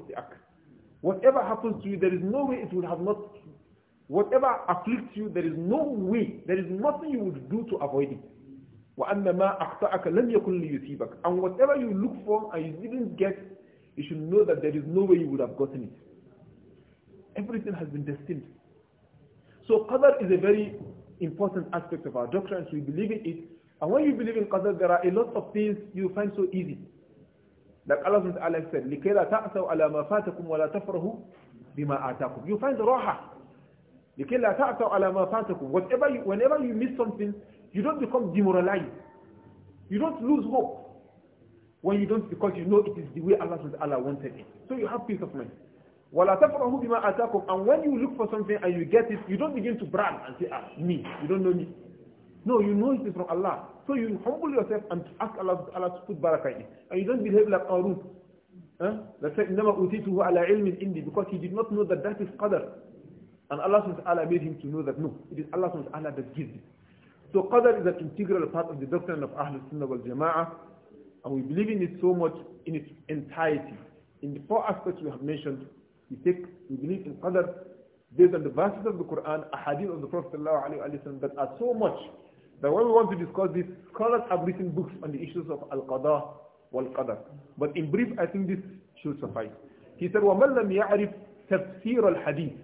Whatever happens to you, there is no way it would have not Whatever afflicts you, there is no way, there is nothing you would do to avoid it. And whatever you look for and you didn't get, you should know that there is no way you would have gotten it. Everything has been destined. So Qadr is a very important aspect of our doctrine. So we believe in it. And when you believe in Qadr, there are a lot of things you find so easy. Like Allah subhanahu wa ta'ala said, لِكَيْ لَا تَعْثَوْا عَلَى مَا You find the raha لكي لا تعثوا على ما فاتكم whatever you, whenever you miss something you don't become demoralized you don't lose hope when you don't because you know it is the way Allah Allah wanted it so you have peace of mind ولا تفرحوا بما آتاكم and when you look for something and you get it you don't begin to brag and say ah me you don't know me no you know it is from Allah so you humble yourself and ask Allah, Allah to put barakah in it and you don't behave like Qarun Huh? That said, إنما أوتيته على علم عندي because he did not know that that is qadr. And Allah subhanahu wa Taala made him to know that no, it is Allah subhanahu wa Taala that gives it. So qadar is an integral part of the doctrine of Ahlul Sunnah wal Jama'ah and we believe in it so much in its entirety. In the four aspects we have mentioned, we take, we believe in qadar based on the verses of the Quran, a hadith of the Prophet ﷺ that are so much that when we want to discuss this, scholars have written books on the issues of al-qadar wal-qadar. But in brief, I think this should suffice. He said, وَمَنْ لَمْ يَعْرِفْ تَفْسِيرَ الْحَدِيثِ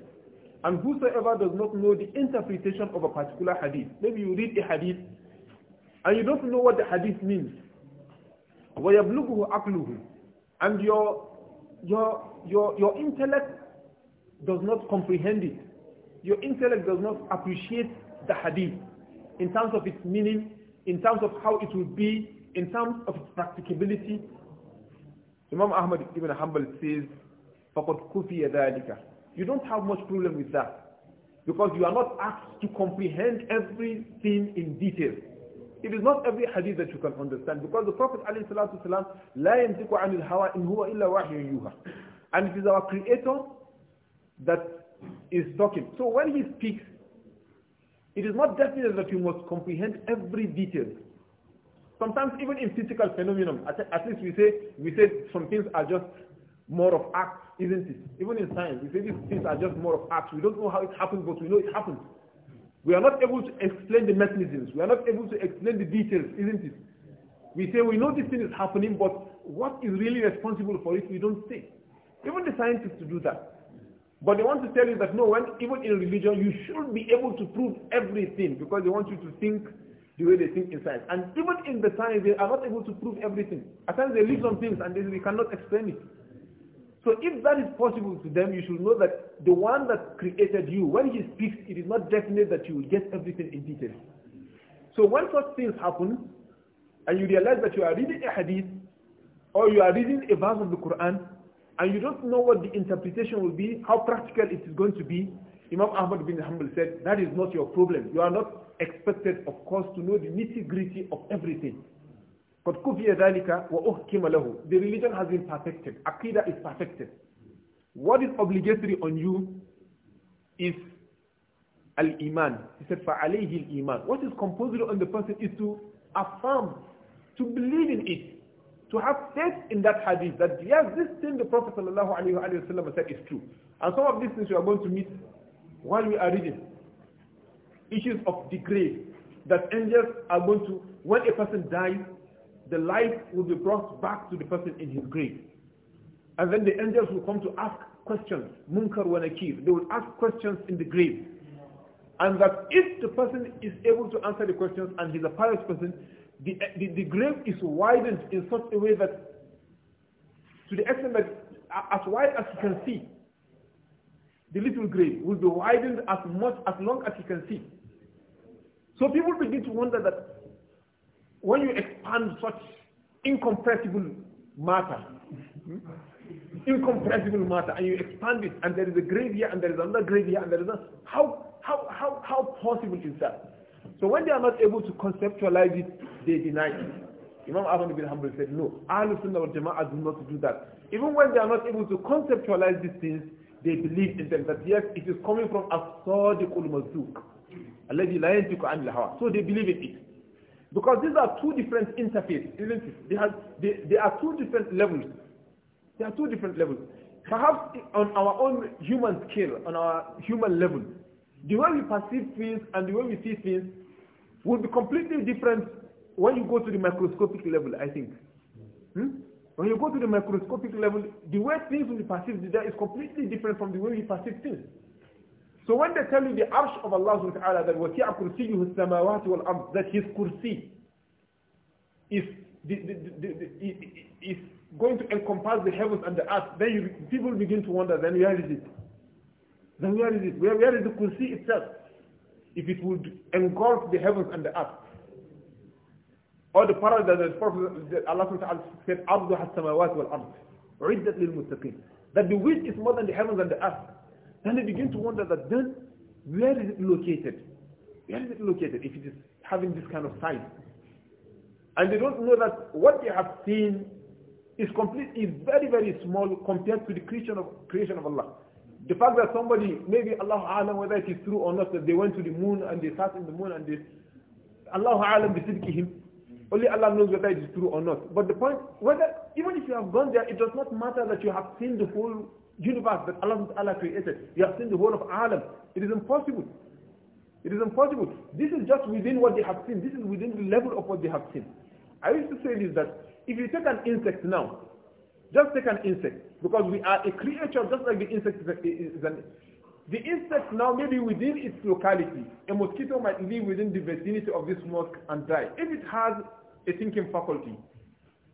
and whosoever does not know the interpretation of a particular hadith, maybe you read a hadith and you don't know what the hadith means. And your, your, your, your intellect does not comprehend it. Your intellect does not appreciate the hadith in terms of its meaning, in terms of how it will be, in terms of its practicability. Imam Ahmad ibn Hanbal says, فَقَدْ كُفِيَ ذَلِكَ you don't have much problem with that because you are not asked to comprehend everything in detail. It is not every hadith that you can understand because the Prophet ﷺ لا ينطق عن الهوى إن هو إلا وحي يوحى and it is our Creator that is talking. So when He speaks, it is not definite that you must comprehend every detail. Sometimes even in physical phenomenon, at, least we say we say some things are just more of act isn't it? Even in science, we say these things are just more of acts. We don't know how it happened, but we know it happened. We are not able to explain the mechanisms. We are not able to explain the details, isn't it? We say we know this thing is happening, but what is really responsible for it, we don't say. Even the scientists do that. But they want to tell you that no, when, even in religion, you should be able to prove everything because they want you to think the way they think in science. And even in the science, they are not able to prove everything. At times they leave some things and they, they cannot explain it. So if that is possible to them, you should know that the one that created you, when he speaks, it is not definite that you will get everything in detail. So when such things happen, and you realize that you are reading a hadith, or you are reading a verse of the Quran, and you don't know what the interpretation will be, how practical it is going to be, Imam Ahmad bin Hanbal said, that is not your problem. You are not expected, of course, to know the nitty-gritty of everything. قد كفي ذلك وأحكم له. The religion has been perfected. Aqidah is perfected. What is obligatory on you is al-iman. He said, فَعَلَيْهِ iman. What is composed on the person is to affirm, to believe in it, to have faith in that hadith, that yes, this thing the Prophet ﷺ said is true. And some of these things we are going to meet while we are reading. Issues of degree that angels are going to, when a person dies, the life will be brought back to the person in his grave. And then the angels will come to ask questions, Munkar wa Nakir. They will ask questions in the grave. And that if the person is able to answer the questions and he's a pious person, the, the, the grave is widened in such a way that to the extent that as wide as you can see, the little grave will be widened as much as long as you can see. So people begin to wonder that when you expand such incompressible matter, hmm, incompressible matter, and you expand it, and there is a grave here, and there is another grave here, and there is another, how, how, how, how possible is that? So when they are not able to conceptualize it, they deny it. Imam Ahmad bin Hanbal said, no, Ahlul Sunnah wal Jama'ah do not do that. Even when they are not able to conceptualize these things, they believe in them, that yes, it is coming from as al mazduq, alladhi la So they believe in it. Because these are two different interfaces, isn't it? They, have, they, they are two different levels. They are two different levels. Perhaps on our own human scale, on our human level, the way we perceive things and the way we see things will be completely different when you go to the microscopic level, I think. Hmm? When you go to the microscopic level, the way things will be perceived there is completely different from the way we perceive things. So when they tell you the arsh of Allah subhanahu wa ta'ala that وَكِعَ كُرْسِيُّهُ السَّمَاوَاتِ وَالْأَرْضِ that his kursi is, the, the, the, is going to encompass the heavens and the earth, then you, people begin to wonder, then where is it? Then where is it? Where, where is the kursi itself? If it would engulf the heavens and the earth. Or the parallel that the Prophet that Allah subhanahu wa ta'ala said, عَرْضُهَا السَّمَاوَاتِ وَالْأَرْضِ عِدَّةً لِلْمُتَّقِينَ That the wish is more than the heavens and the earth. Then they begin to wonder that then, where is it located? Where is it located if it is having this kind of size? And they don't know that what they have seen is complete, is very, very small compared to the creation of, creation of Allah. The fact that somebody, maybe Allah Alam, whether it is true or not, that they went to the moon and they sat in the moon and they, Allah Alam, Only Allah knows whether it is true or not. But the point, whether, even if you have gone there, it does not matter that you have seen the whole universe that Allah, Allah created. You have seen the whole of Alam. It is impossible. It is impossible. This is just within what they have seen. This is within the level of what they have seen. I used to say this, that if you take an insect now, just take an insect, because we are a creature just like the insect is an... The insect now maybe within its locality, a mosquito might live within the vicinity of this mosque and die. If it has a thinking faculty,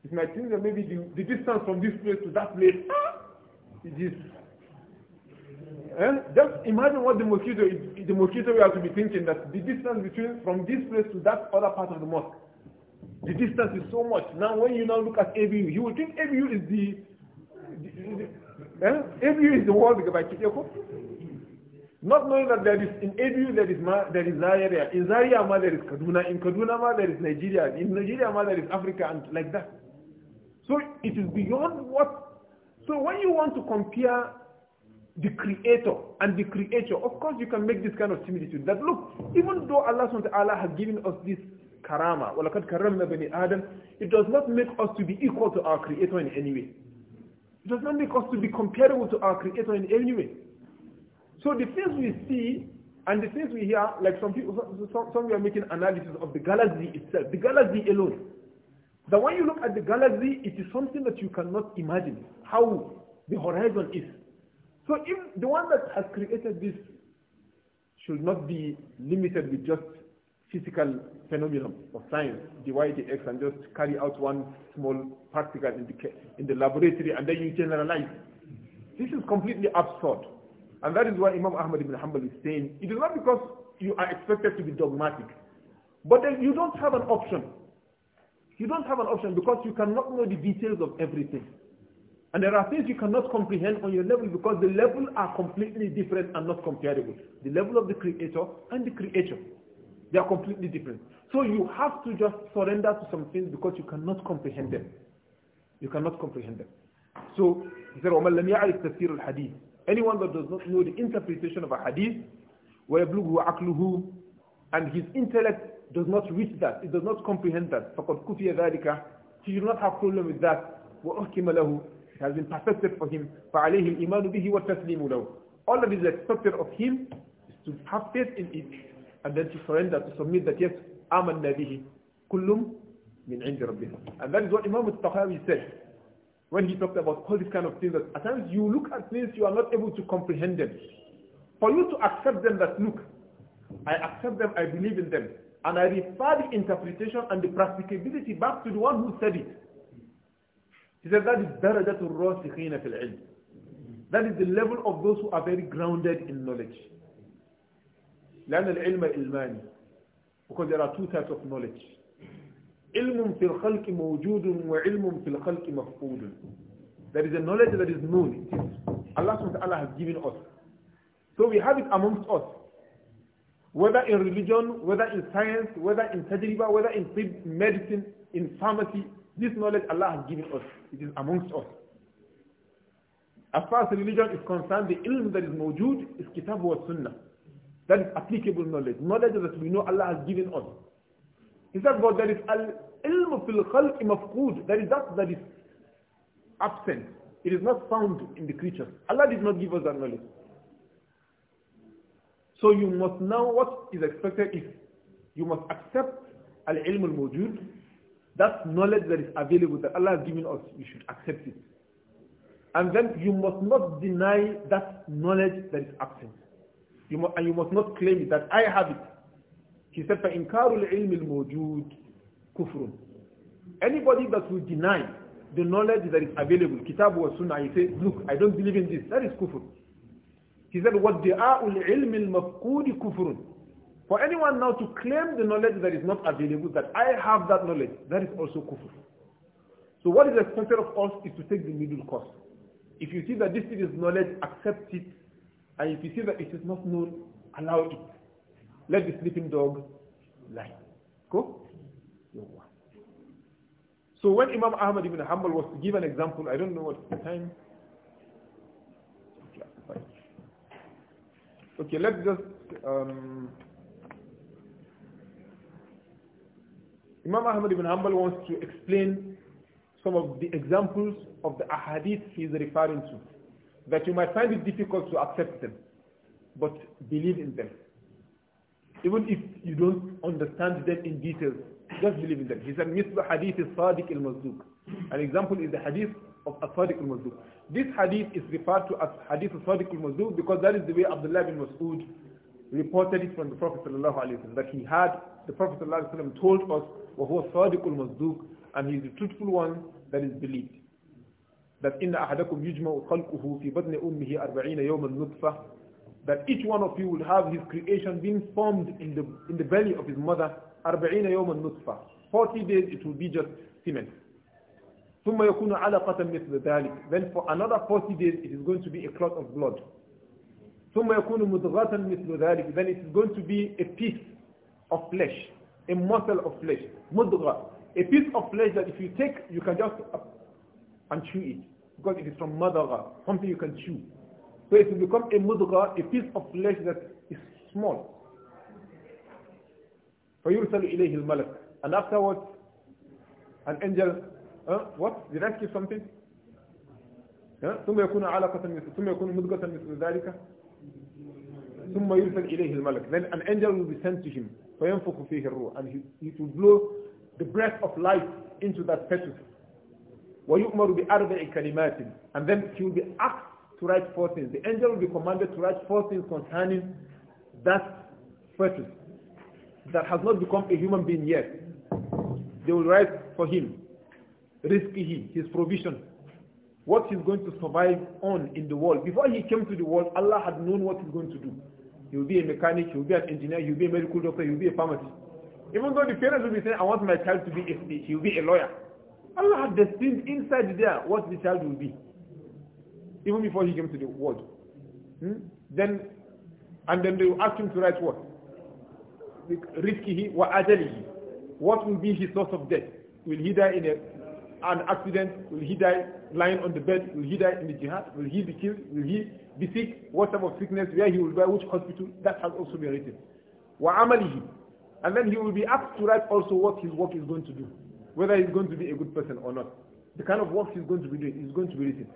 it might think that maybe the, the distance from this place to that place, ah, this. Just imagine what the mosquito is, the mosquito will have to be thinking that the distance between from this place to that other part of the mosque, the distance is so much. Now when you now look at ABU, you will think ABU is the, the, the eh? ABU is the world by Kiyoko. Not knowing that there is in ABU there is Ma, there is Zaria, in Zaria Ma there is Kaduna, in Kaduna Ma there is Nigeria, in Nigeria Ma there is Africa and like that. So it is beyond what so when you want to compare the creator and the creature, of course you can make this kind of similitude. That look, even though Allah SWT has given us this karama, وَلَقَدْ كَرَّمْنَا بَنِي Adam, It does not make us to be equal to our creator in any way. It does not make us to be comparable to our creator in any way. So the things we see and the things we hear, like some people, some, some we are making analysis of the galaxy itself, the galaxy alone. That when you look at the galaxy, it is something that you cannot imagine how the horizon is. So if the one that has created this should not be limited with just physical phenomena of science, divide the X and just carry out one small particle in the, in the laboratory and then you generalize. This is completely absurd. And that is why Imam Ahmad ibn Hanbal is saying, it is not because you are expected to be dogmatic, but you don't have an option. You don't have an option because you cannot know the details of everything. And there are things you cannot comprehend on your level because the levels are completely different and not comparable. The level of the creator and the creature, they are completely different. So you have to just surrender to some things because you cannot comprehend them. You cannot comprehend them. So he said, وَمَنْ لَمْ يَعْرِفْ تَفْسِيرُ الْحَدِيثِ Anyone that does not know the interpretation of a hadith, وَيَبْلُغُهُ And his intellect does not reach that, it does not comprehend that, فَقَدْ كُفِيَ ذَلِكَ He should not have problem with that. وَأُحْكِمَ لَهُ It has been perfected for him. فَعَلَيْهِ الْإِيمَانُ بِهِ وَالتَّسْلِيمُ لَهُ All that is expected of him is to have faith in it and then to surrender, to submit that yes, آمَنَّا بِهِ كُلُّمْ مِنْ عِنْدِ رَبِّهِ And that is what Imam al-Takhawi said when he talked about all these kind of things that at times you look at things you are not able to comprehend them. For you to accept them that look, I accept them, I believe in them. And I refer the interpretation and the practicability back to the one who said it. He said that is درجة الراسخين في ilm. That is the level of those who are very grounded in knowledge. لأن العلم علمان. Because there are two types of knowledge. علم في الخلق موجود وعلم في الخلق مفقود. There is a knowledge that is known. Allah subhanahu wa ta'ala has given us. So we have it amongst us whether in religion, whether in science, whether in tajriba, whether in medicine, in pharmacy, this knowledge Allah has given us. It is amongst us. As far as religion is concerned, the ilm that is mawjud is kitab wa sunnah. That is applicable knowledge, knowledge that we know Allah has given us. He said, God, there is al-ilm fil khalq mafqud. There is that that is absent. It is not found in the creatures. Allah did not give us that knowledge. So you must know what is expected is you must accept al-ilm al-mawjud, that knowledge that is available that Allah has given us, you should accept it. And then you must not deny that knowledge that is absent. You must, and you must not claim it, that I have it. He said, فَإِنْكَارُ الْعِلْمِ الْمَوْجُودِ كُفْرٌ Anybody that will deny the knowledge that is available, kitab wa sunnah, he says, look, I don't believe in this, that is kufr. He said, وَالدِّعَاءُ الْعِلْمِ الْمَفْقُودِ كُفْرٌ For anyone now to claim the knowledge that is not available, that I have that knowledge, that is also kufr. So what is expected of us is to take the middle course. If you see that this is knowledge, accept it. And if you see that it is not known, allow it. Let the sleeping dog lie. Go. So when Imam Ahmad ibn Hanbal was to give an example, I don't know what time, Okay, let's just... Um, Imam Ahmad ibn Hanbal wants to explain some of the examples of the ahadith he is referring to, that you might find it difficult to accept them, but believe in them. Even if you don't understand them in detail, just believe in them. He said, Misbah hadith is sadiq al-mazduq. An example is the hadith of a sadiq al-mazduq. This hadith is referred to as hadith of Sadiq al-Mazdub because that is the way Abdullah bin Mas'ud reported it from the Prophet ﷺ, that he had, the Prophet ﷺ told us, وَهُوَ صَادِقُ الْمَصْدُوقُ and he is the truthful one that is believed. That إِنَّ أَحَدَكُمْ يُجْمَعُ خَلْقُهُ فِي بَطْنِ أُمِّهِ أَرْبَعِينَ يَوْمًا نُطْفَةً That each one of you will have his creation being formed in the, in the belly of his mother, أَرْبَعِينَ يَوْمًا نُطْفَةً 40 days it will be just semen. ثم يكون علقة مثل ذلك then for another 40 days it is going to be a clot of blood ثم يكون مضغة مثل ذلك then it is going to be a piece of flesh a morsel of flesh مضغة a piece of flesh that if you take you can just and chew it because it is from madara something you can chew so it will become a mudghah, a piece of flesh that is small فيرسل إليه الملك and afterwards an angel Huh? What? Did I skip something? ثم يكون علقة مثل ثم يكون مضغة مثل ذلك ثم يرسل إليه الملك then an angel will be sent to him فينفخ فيه الروح and he, it will blow the breath of life into that fetus ويؤمر بأربع كلمات and then he will be asked to write four things the angel will be commanded to write four things concerning that fetus that has not become a human being yet they will write for him rizqihi, his provision, what he's going to survive on in the world. Before he came to the world, Allah had known what he's going to do. He'll be a mechanic, he'll be an engineer, he'll be a medical doctor, he'll be a pharmacist. Even though the parents will be saying, I want my child to be a, he'll be a lawyer. Allah had destined inside there what the child will be. Even before he came to the world. Hmm? Then, and then they will ask him to write what? Rizkihi wa ajalihi. What will be his source of death? Will he die in a an accident? Will he die lying on the bed? Will he die in the jihad? Will he be killed? Will he be sick? What type of sickness? Where he will die? Which hospital? That has also been written. وَعَمَلِهِ And then he will be asked to write also what his work is going to do. Whether he's going to be a good person or not. The kind of work he's going to be doing is going to be written.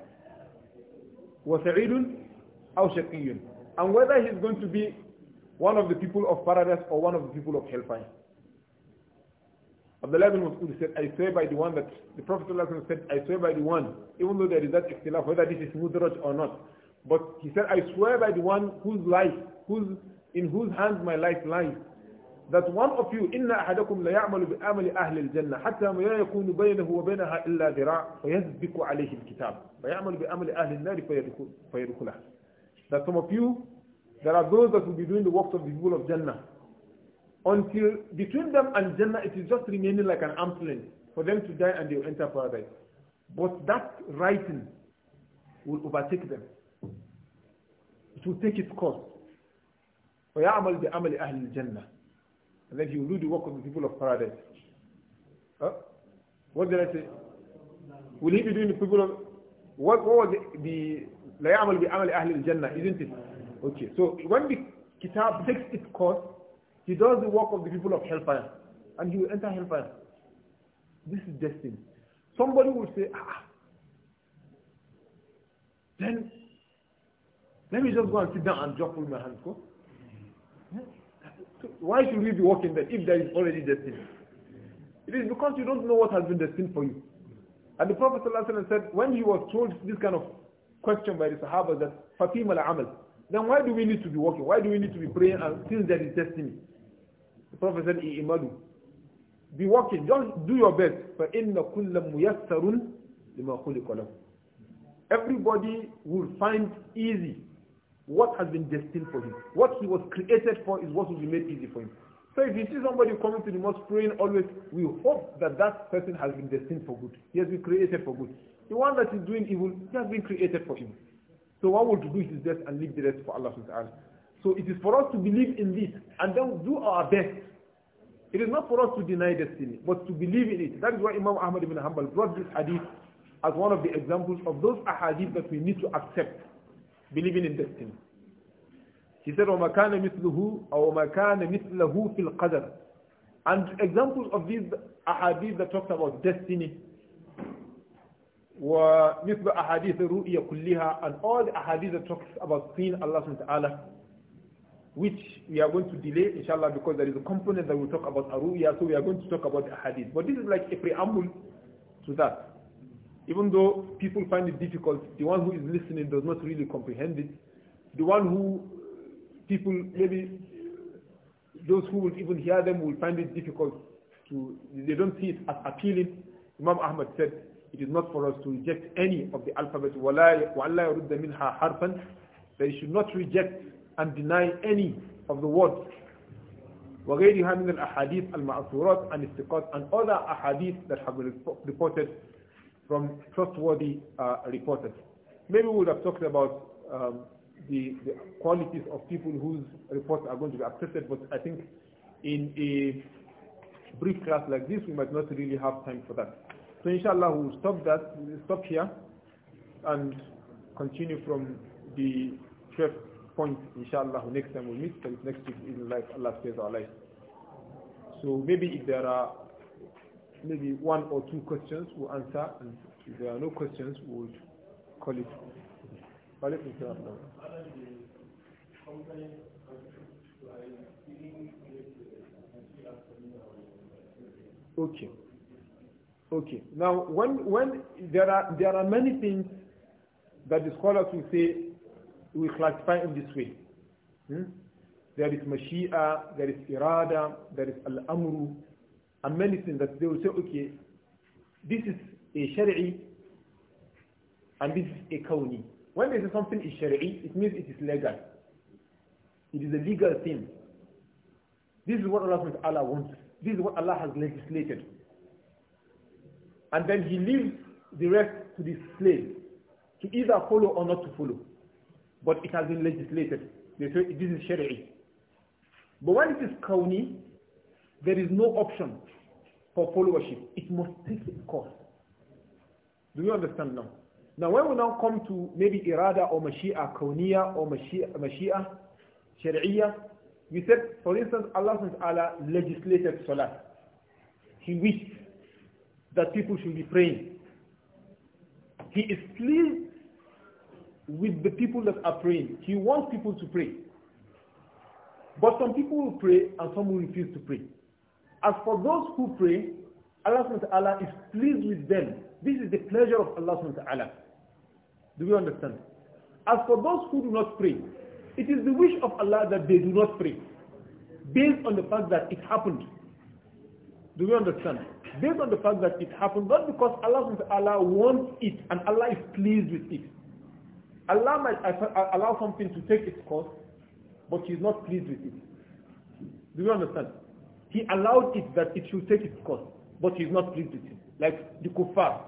وَسَعِيدٌ أَوْ شَقِيٌّ And whether he's going to be one of the people of paradise or one of the people of hellfire. Abdullah bin Mas'ud said, I swear by the one that the Prophet said, I swear by the one, even though there is that ikhtilaf, whether this is mudraj or not. But he said, I swear by the one whose life, whose, in whose hands my life lies. That one of you, إِنَّ أَحَدَكُمْ لَيَعْمَلُ بِآمَلِ أَهْلِ الْجَنَّةِ حَتَّى مَا يَكُونُ بَيْنَهُ وَبَيْنَهَا إِلَّا ذِرَاعٌ فَيَسْبِقُ عَلَيْهِ الْكِتَابُ فَيَعْمَلُ بِآمَلِ أَهْلِ النَّارِ فَيَدْخُلَهَا That some of you, there are those that will be doing the works of the people of Jannah until between them and Jannah, it is just remaining like an arm's length for them to die and they will enter paradise. But that writing will overtake them. It will take its course. And then he will do the work of the people of paradise. Huh? What did I say? Will he be doing the people of... What, what was the... the الْجَنَّةِ Isn't it? Okay, so when the kitab takes its course, he does the work of the people of hellfire. And he will enter hellfire. This is destiny. Somebody will say, ah, ah. then let me just go and sit down and just fold my hands. Go. Why should we be working there if there is already destiny? It is because you don't know what has been destined for you. And the Prophet ﷺ said, when he was told this kind of question by the Sahaba that Fatim al-Amal, then why do we need to be working? Why do we need to be praying and since there is destiny? The Prophet said, I'imadu. Be working, just do your best. فَإِنَّ كُلَّ مُيَسَّرٌ لِمَا خُلِقَ لَهُ Everybody will find easy what has been destined for him. What he was created for is what will be made easy for him. So if you see somebody coming to the mosque praying always, we hope that that person has been destined for good. He has been created for good. The one that is doing evil, he has been created for evil. So one would do his best and leave the rest for Allah subhanahu wa ta'ala. So it is for us to believe in this and then do our best. It is not for us to deny destiny, but to believe in it. That is why Imam Ahmad ibn Hanbal brought this hadith as one of the examples of those ahadith that we need to accept, believing in destiny. He said, وَمَا كَانَ مِثْلُهُ أَوْ مَا كَانَ مِثْلَهُ فِي الْقَدَرِ And examples of these ahadith that talks about destiny ومثل أحاديث الرؤية كلها and all the ahadith that talks about seeing Allah subhanahu wa ta'ala which we are going to delay, inshallah, because there is a component that we talk about aruya, so we are going to talk about the hadith. But this is like a preamble to that. Even though people find it difficult, the one who is listening does not really comprehend it. The one who people, maybe those who will even hear them will find it difficult to, they don't see it as appealing. Imam Ahmad said, it is not for us to reject any of the alphabet. وَلَا يَرُدَّ مِنْهَا حَرْفًا They should not reject and deny any of the words وغيرها من الأحاديث المأثورات and استقاط and other ahadith that have been reported from trustworthy uh, reporters. Maybe we would have talked about um, the, the, qualities of people whose reports are going to be accepted, but I think in a brief class like this, we might not really have time for that. So inshallah, we'll stop that, we'll stop here and continue from the 12th point, inshallah, next time we meet, because next week is life, Allah saves our life. So maybe if there are maybe one or two questions, we'll answer, and if there are no questions, we'll call it. Okay. Okay. Now, when when there are there are many things that the scholars will say we classify in this way. Hmm? There is mashia, there is irada, there is al-amru, and many things that they will say, okay, this is a shari'i and this is a kawni. When they say something is shari'i, it means it is legal. It is a legal thing. This is what Allah Allah wants. This is what Allah has legislated. And then he leaves the rest to the slave to either follow or not to follow but it has been legislated. They say this is Sharia. But when it is Kauni, there is no option for followership. It must take its course. Do you understand now? Now when we now come to maybe irada or mashia, kauniya or mashia, mashia Sharia, we said, for instance, Allah SWT legislated salah. He wished that people should be praying. He is pleased with the people that are praying. He wants people to pray. But some people will pray and some will refuse to pray. As for those who pray, Allah subhanahu wa ta'ala is pleased with them. This is the pleasure of Allah subhanahu wa ta'ala. Do we understand? As for those who do not pray, it is the wish of Allah that they do not pray. Based on the fact that it happened. Do we understand? Based on the fact that it happened, not because Allah subhanahu wa ta'ala wants it and Allah is pleased with it. Allah might allow something to take its course, but He's not pleased with it. Do you understand? He allowed it that it should take its course, but He's not pleased with it. Like the kuffar.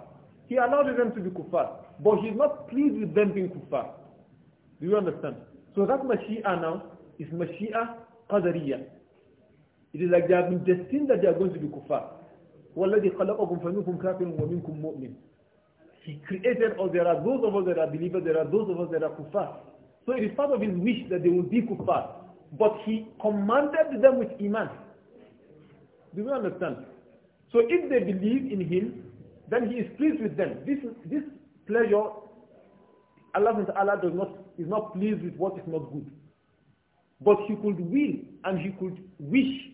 He allowed them to be kuffar, but He's not pleased with them being kuffar. Do you understand? So that mashia now is mashia qadariyah. It is like they have been destined that they are going to be kuffar. He created us. There are those of us that are believers. There are those of us that are kuffar. So it is part of his wish that they will be kuffar. But he commanded them with iman. Do you understand? So if they believe in him, then he is pleased with them. This, this pleasure, Allah, Allah does not, is not pleased with what is not good. But he could will and he could wish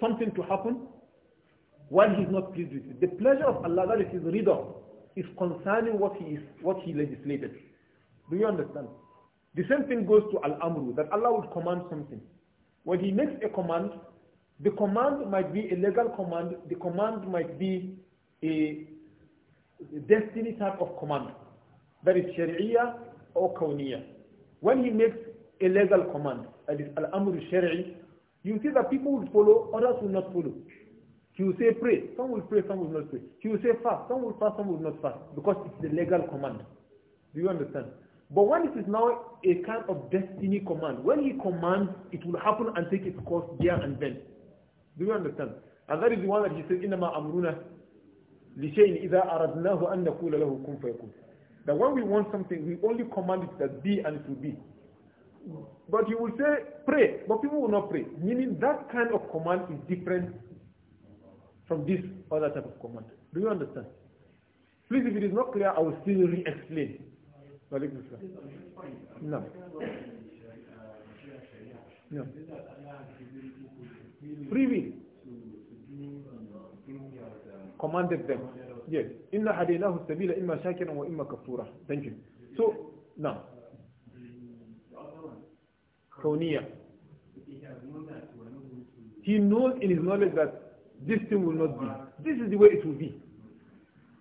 something to happen while he's not pleased with it. The pleasure of Allah, that is his rida is concerning what he, is, what he legislated. Do you understand? The same thing goes to Al-Amru, that Allah would command something. When he makes a command, the command might be a legal command, the command might be a, destiny type of command, that is Sharia or Kawniya. When he makes a legal command, that is Al-Amru Shari'i, you see that people will follow, others will not follow. He will say pray. Some will pray, some will not pray. He will say fast. Some will fast, some will not fast. Because it's a legal command. Do you understand? But when it is now a kind of destiny command, when he commands, it will happen and take its course there and then. Do you understand? And that is the one that he says, إِنَّمَا أَمْرُنَا لِشَيْءٍ إِذَا أَرَدْنَاهُ أَنْ نَقُولَ لَهُ كُنْ That when we want something, we only command it that be and it will be. But you will say, pray, but people will not pray. Meaning that kind of command is different from this other type of command. Do you understand? Please, if it is not clear, I will still re-explain. No. No. Free will. Uh, Commanded them. Yes. إِنَّا هَدَيْنَاهُ السَّبِيلَ إِمَّا شَاكِرًا وَإِمَّا كَفُورًا Thank you. So, uh, now. Kawniya. He knows in his knowledge that this thing will not be. This is the way it will be.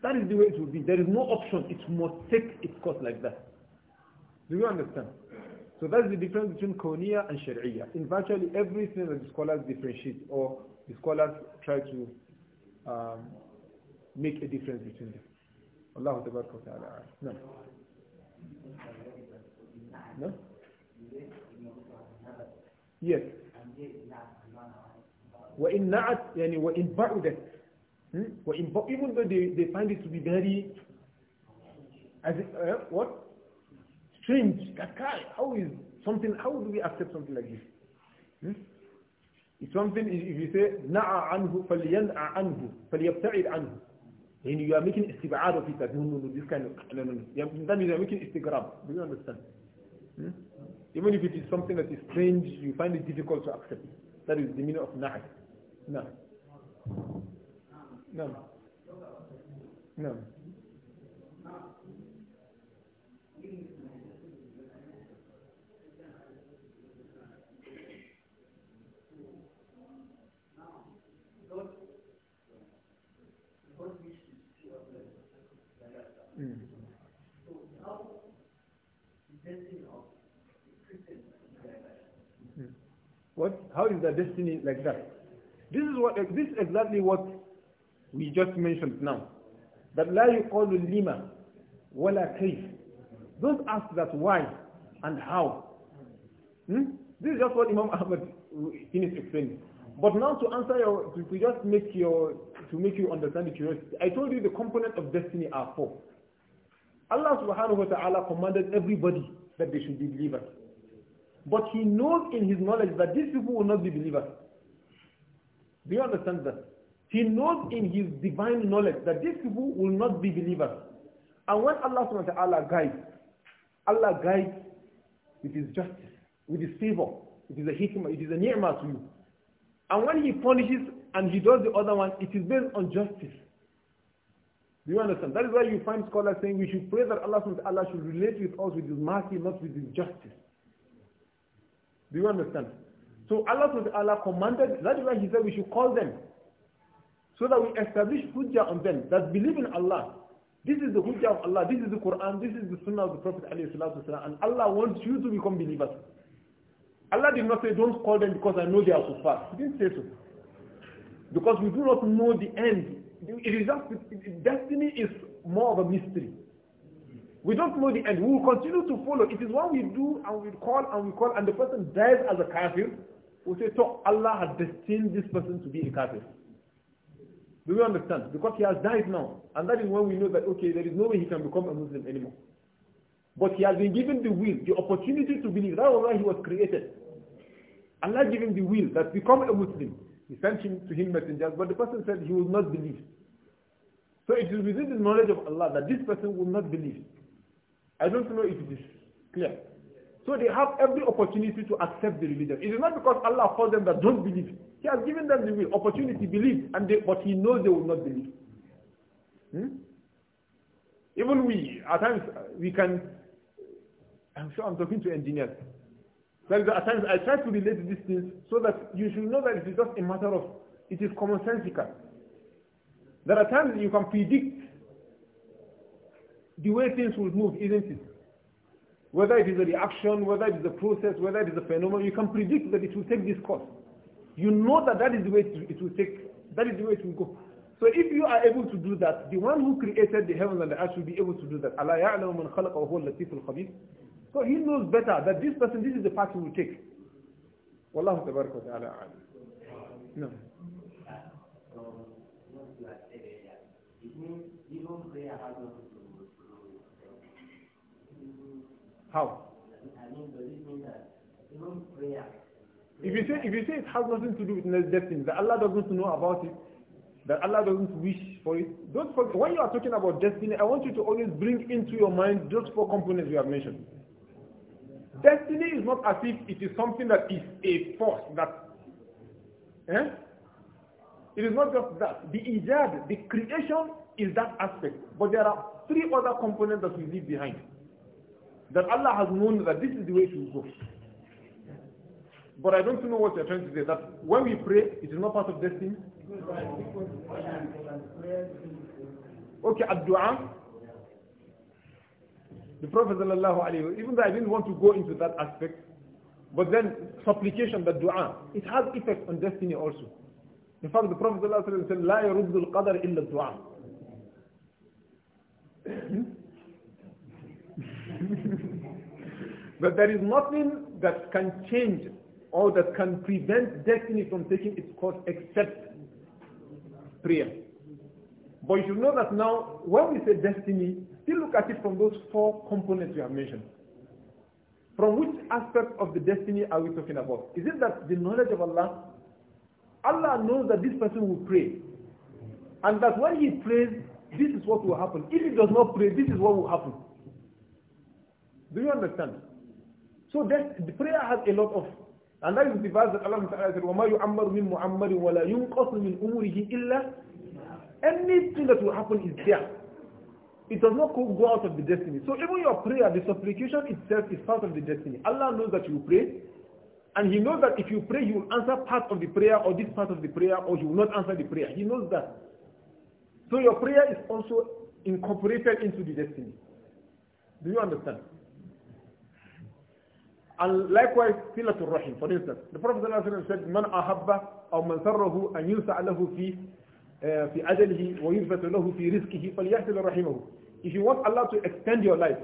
That is the way it will be. There is no option. It must take its course like that. Do you understand? So that's the difference between Koniya and Sharia. In virtually everything that the scholars differentiate or the scholars try to um, make a difference between them. Allah ta'ala. No. No? Yes in naat, نعت يعني وإن بعدت hmm? وإن ب... even though they, they find it to be very as if, uh, eh, what strange that guy how is something how do we accept something like this hmm? it's something if you say na'a anhu falyan'a anhu falyabta'id anhu and you are making istib'ad of it that You know, this kind of no no no that means you are making istigrab do you understand hmm? even if it is something that is strange you find it difficult to accept that is the meaning of naat. No. نعم نعم mm. mm. What? How is the destiny like that? This is what this is exactly what we just mentioned now. That la call lima wala kayf. Don't ask that why and how. Hmm? This is just what Imam Ahmad finished explaining. But now to answer your, to, to, just make your, to make you understand the curiosity, I told you the component of destiny are four. Allah subhanahu wa ta'ala commanded everybody that they should be believers. But he knows in his knowledge that these people will not be believers. Do you understand that? He knows in his divine knowledge that these people will not be believers. And when Allah subhanahu wa ta'ala guides, Allah guides with his justice, with his favor, it is a hikmah, it is a ni'mah to you. And when he punishes and he does the other one, it is based on justice. Do you understand? That is why you find scholars saying we should pray that Allah subhanahu wa ta'ala should relate with us with his mercy, not with his justice. Do you understand? So Allah commanded, that is why He said we should call them. So that we establish hujja on them, that believe in Allah. This is the hujja of Allah, this is the Quran, this is the sunnah of the Prophet and Allah wants you to become believers. Allah did not say, don't call them because I know they are kuffar. He didn't say so. Because we do not know the end. It is just, destiny is more of a mystery. We don't know the end. We will continue to follow. It is what we do and we call and we call and the person dies as a kafir we say, so Allah has destined this person to be a kafir. Do you understand? Because he has died now. And that is when we know that, okay, there is no way he can become a Muslim anymore. But he has been given the will, the opportunity to believe. That was why he was created. Allah gave him the will that become a Muslim. He sent him to him messengers, but the person said he will not believe. So it is within the knowledge of Allah that this person will not believe. I don't know if it is clear. So they have every opportunity to accept the religion. It is not because Allah forced them that don't believe. He has given them the will, opportunity, believe, and they, but He knows they will not believe. Hmm? Even we, at times, we can, I'm sure I'm talking to engineers. Like at times I try to relate these things so that you should know that it is just a matter of, it is commonsensical. There are times you can predict the way things will move, isn't it? whether it is a reaction, whether it is a process, whether it is a phenomenon, you can predict that it will take this course. You know that that is the way it will take, that is the way it will go. So if you are able to do that, the one who created the heavens and the earth should be able to do that. So he knows better that this person, this is the path he will take. Wallahu tabaraka wa ta'ala No. Uh, so, uh, How? I mean, does it mean that even prayer? If you say if you say it has nothing to do with destiny, that Allah doesn't know about it, that Allah doesn't wish for it. Don't forget, when you are talking about destiny, I want you to always bring into your mind those four components we have mentioned. Destiny is not as if it is something that is a force that. Eh? It is not just that. The ijab, the creation, is that aspect. But there are three other components that we leave behind that Allah has known that this is the way to go. But I don't know what you're trying to say, that when we pray, it is not part of destiny. Okay, ad-du'a. The Prophet sallallahu even though I didn't want to go into that aspect, but then supplication, the du'a, it has effect on destiny also. In fact, the Prophet sallallahu said, لا يرد القدر إلا الدعاء. But there is nothing that can change or that can prevent destiny from taking its course except prayer. But you should know that now, when we say destiny, still look at it from those four components we have mentioned. From which aspect of the destiny are we talking about? Is it that the knowledge of Allah? Allah knows that this person will pray. And that when he prays, this is what will happen. If he does not pray, this is what will happen. Do you understand? So that the prayer has a lot of, and that is the verse that Allah Ta'ala said, وَمَا min مِنْ مُعَمَّرٍ وَلَا يُنْقَصُ مِنْ أُمُرِهِ Anything that will happen is there. It does not go out of the destiny. So even your prayer, the supplication itself is part of the destiny. Allah knows that you pray, and He knows that if you pray, He will answer part of the prayer or this part of the prayer, or He will not answer the prayer. He knows that. So your prayer is also incorporated into the destiny. Do you understand? And likewise, silatul rahim. For instance, the Prophet ﷺ said, "Man ahabba أو من سره أن ينسع له في في أجله ويثبت له في رزقه فليحسن رحمه." If you want Allah to extend your life,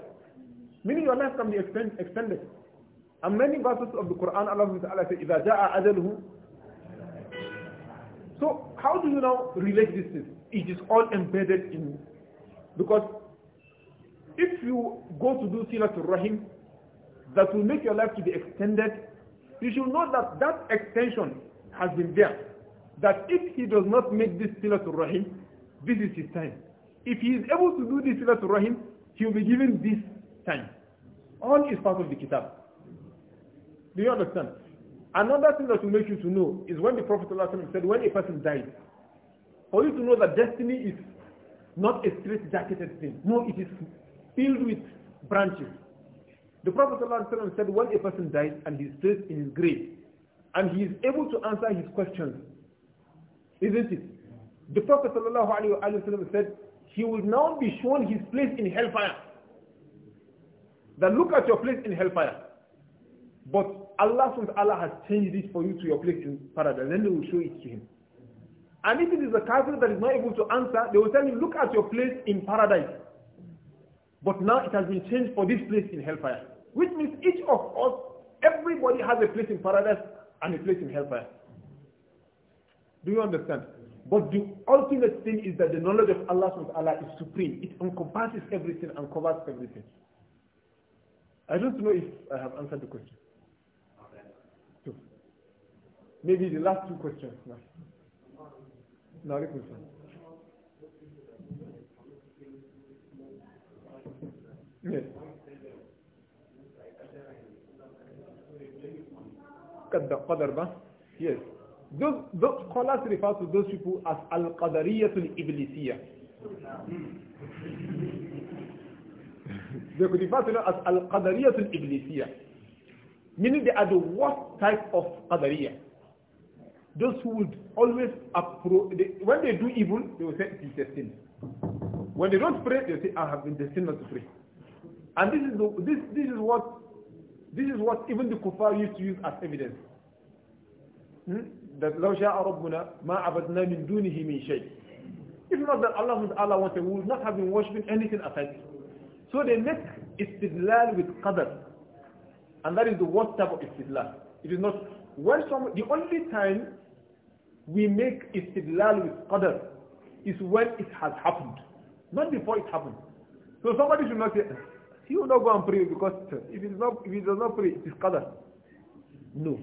meaning your life can be extend, extended. And many verses of the Quran, Allah Taala said, "إذا جاء أجله." So how do you now relate this? Thing? It is all embedded in, because if you go to do silatul rahim that will make your life to be extended, you should know that that extension has been there. That if he does not make this pillar to Rahim, this is his time. If he is able to do this pillar to Rahim, he will be given this time. All is part of the kitab. Do you understand? Another thing that will make you to know is when the Prophet said, when a person dies, for you to know that destiny is not a straight-jacketed thing. No, it is filled with branches. The Prophet ﷺ said when a person dies and he stays in his grave and he is able to answer his questions, isn't it? The Prophet ﷺ said he will now be shown his place in hellfire. Then look at your place in hellfire. But Allah Allah has changed it for you to your place in paradise. Then they will show it to him. And if it is a person that is not able to answer, they will tell him, look at your place in paradise. But now it has been changed for this place in hellfire. Which means each of us, everybody has a place in paradise and a place in hellfire. Do you understand? But the ultimate thing is that the knowledge of Allah subhanahu is supreme. It encompasses everything and covers everything. I don't know if I have answered the question. So, maybe the last two questions now. Now, Qadar ba? Yes. Those, those scholars refer to those people as Al-Qadariyatul Iblisiyah. they could refer to them as Al-Qadariyatul Iblisiyah. Meaning they are the worst type of Qadariyah. Those who would always approve, when they do evil, they will say it is a sin. When they don't pray, they say, I have been destined not to pray. And this is, the, this, this is what this is what even the kuffar used to use as evidence. Hmm? That لو شاء ربنا ما عبدنا من دونه من شيء. If not that Allah Allah wanted, we would not have been worshipping anything aside. So they make istidlal with qadr. And that is the worst type of istidlal. It is not, when some, the only time we make istidlal with qadr is when it has happened. Not before it happened. So somebody should not say, he will not go and pray because if, not, if he does not pray, it is qadar. No.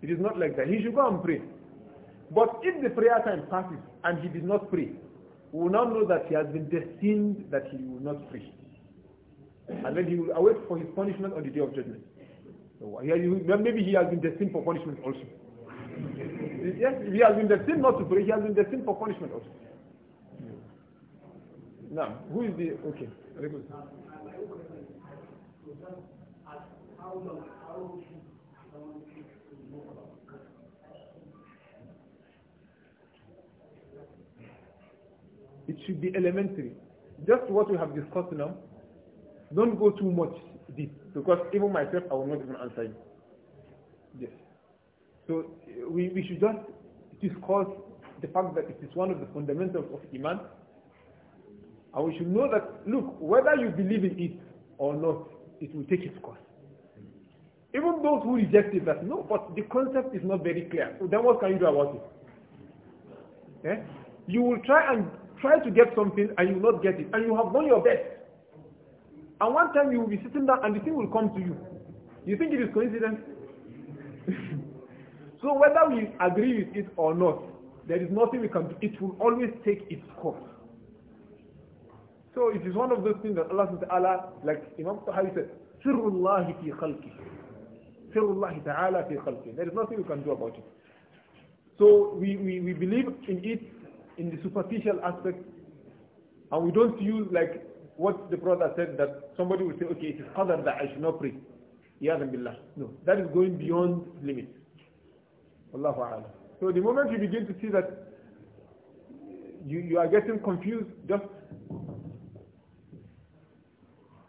It is not like that. He should go and pray. But if the prayer time passes and he did not pray, we will now know that he has been destined that he will not pray. And then he will await for his punishment on the day of judgment. So he, maybe he has been destined for punishment also. yes, he has been destined not to pray, he has been destined for punishment also. Now, who is the... Okay. It should be elementary. Just what we have discussed now. Don't go too much deep because even myself I will not even answer you. Yes. So we, we should just discuss the fact that it is one of the fundamentals of Iman and we should know that, look, whether you believe in it or not, it will take its course. Even those who reject it, that no, but the concept is not very clear. So then what can you do about it? Eh? You will try and try to get something and you will not get it. And you have done your best. And one time you will be sitting down and the thing will come to you. You think it is coincidence? *laughs* so whether we agree with it or not, there is nothing we can do. It will always take its course. So it is one of those things that Allah subhanahu like Imam Tahawi said, Sirullahi fi khalqi. ta'ala fi khalqi. There is nothing you can do about it. So we, we, we believe in it in the superficial aspect and we don't use like what the brother said that somebody will say, okay, it is qadr that I should not pray. Billah. No, that is going beyond limits. Allahu A'lam. So the moment you begin to see that you, you are getting confused, just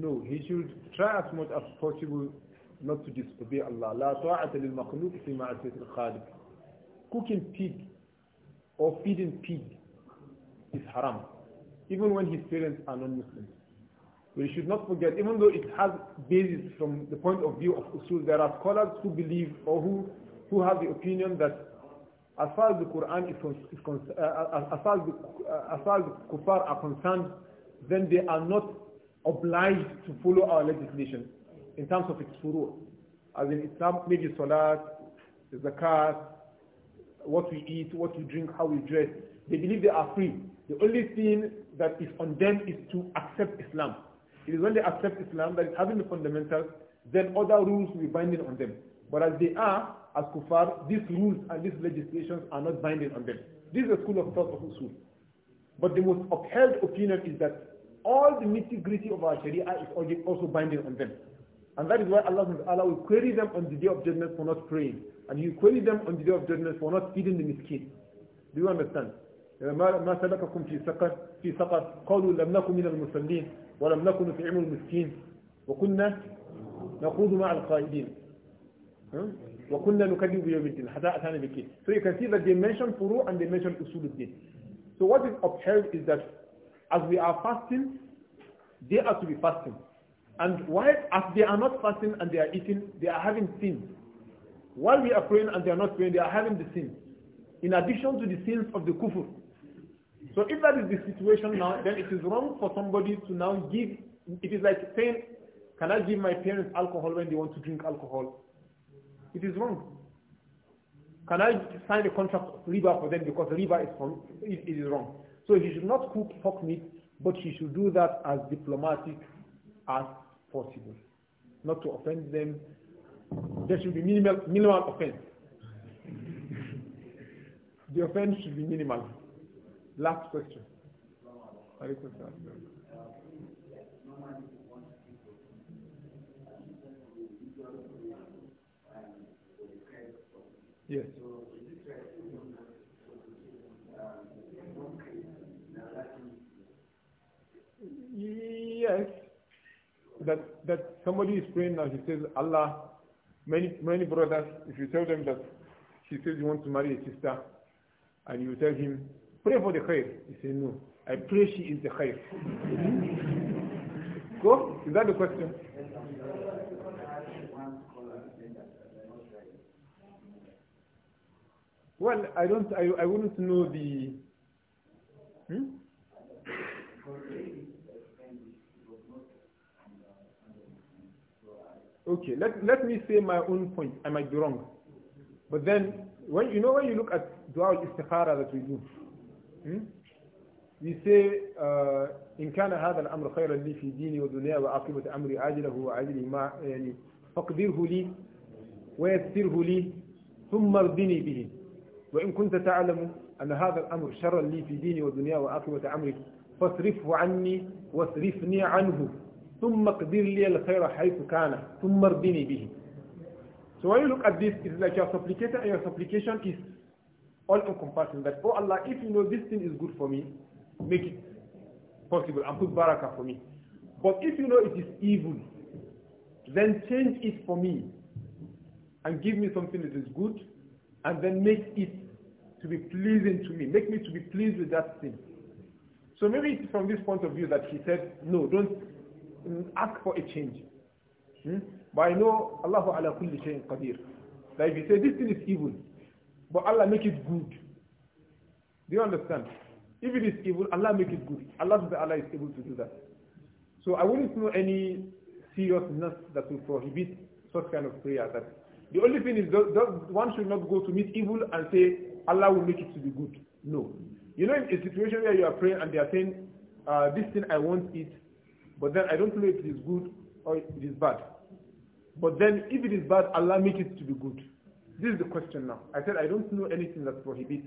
No, he should try as much as possible not to disobey Allah. لا طاعة fi في al الخالق. Cooking pig or feeding pig is haram, even when his parents are non-Muslims. We should not forget, even though it has basis from the point of view of usul, there are scholars who believe or who, who have the opinion that as far as the Quran is, is uh, uh, as, far as the, uh, as far as the kuffar are concerned, then they are not obliged to follow our legislation in terms of its furu. As in Islam, maybe salat, zakat, what we eat, what we drink, how we dress. They believe they are free. The only thing that is on them is to accept Islam. It is when they accept Islam that is having the fundamentals, then other rules will be binding on them. But as they are, as kuffar, these rules and these legislations are not binding on them. This is a school of thought of Usul. But the most upheld opinion is that all the nitty-gritty of our Sharia is also binding on them. And that is why Allah subhanahu will query them on the day of judgment for not praying. And He will query them on the day of judgment for not feeding the miskin. Do you understand? ما سلككم في سقر في سقر قالوا لم نكن من المصلين ولم نكن نطعم المسكين وكنا نخوض مع القائدين وكنا نكذب بيوم الدين حتى أتانا so you can see that they mention furu and they mention usul الدين so what is upheld is that as we are fasting, they are to be fasting. And while as they are not fasting and they are eating, they are having sin. While we are praying and they are not praying, they are having the sin. In addition to the sins of the kufr. So if that is the situation now, then it is wrong for somebody to now give, it is like saying, can I give my parents alcohol when they want to drink alcohol? It is wrong. Can I sign a contract of riba for them because riba is, from, it, it is wrong? So he should not cook pork meat, but he should do that as diplomatic as possible, not to offend them. There should be minimal, minimal offense. the offense should be minimal. Last question. Yes. Yes, that that somebody is praying now. He says, Allah. Many many brothers, if you tell them that she says you want to marry a sister, and you tell him, pray for the khair. He says, no, I pray she is the khair. *laughs* Go? Is that the question? Well, I don't, I, I wouldn't know the, hmm? Okay, let, let me say my own point. I might be wrong. But then, when you know when you look at dua al-istikhara that we do, hmm? we say, uh, إن كان هذا الأمر خيرا لي في ديني ودنيا وعاقبة أمري عاجله وعاجله ما يعني فاقدره لي ويسره لي ثم ارضني به وإن كنت تعلم أن هذا الأمر شرا لي في ديني ودنيا وعاقبة أمري فاصرفه عني واصرفني عنه ثم لي الخير حيث كان ثم ارضني به so when you look at this it's like your supplication and your supplication is all encompassing that oh Allah if you know this thing is good for me make it possible and put barakah for me but if you know it is evil then change it for me and give me something that is good and then make it to be pleasing to me make me to be pleased with that thing so maybe it's from this point of view that he said no don't Mm, ask for a change. Hmm? But I know Allah ala kulli shayin qadir. Like if you say this thing is evil, but Allah make it good. Do you understand? If it is evil, Allah make it good. Allah is able to do that. So I wouldn't know any seriousness that will prohibit such kind of prayer. That the only thing is that, one should not go to meet evil and say Allah will make it to be good. No. You know, in a situation where you are praying and they are saying, uh, this thing I want it, but then I don't know if it is good or it is bad. But then if it is bad, Allah make it to be good. This is the question now. I said I don't know anything that prohibits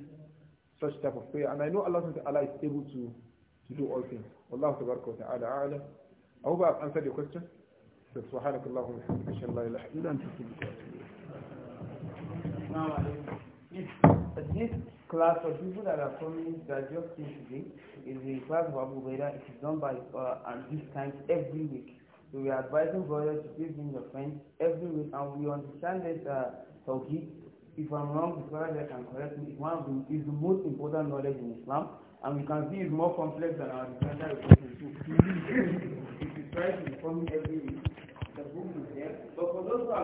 such type of prayer. And I know Allah, Allah is able to, to do all things. Allah ta'ala I hope I've answered your question. سبحانك اللهم وبحمدك اشهد ان لا اله الا انت استغفرك واتوب اليك class of people that are coming that just came today is the class of Abu Huraira. It is done by uh, at this time every week. So we are advising brothers to please bring your friends every week, and we understand that uh, if I'm wrong, the brother can correct me, is one of the, is the most important knowledge in Islam, and we can see it's more complex than our differential equation too. if you try to inform me every week, the book is there, but for those who are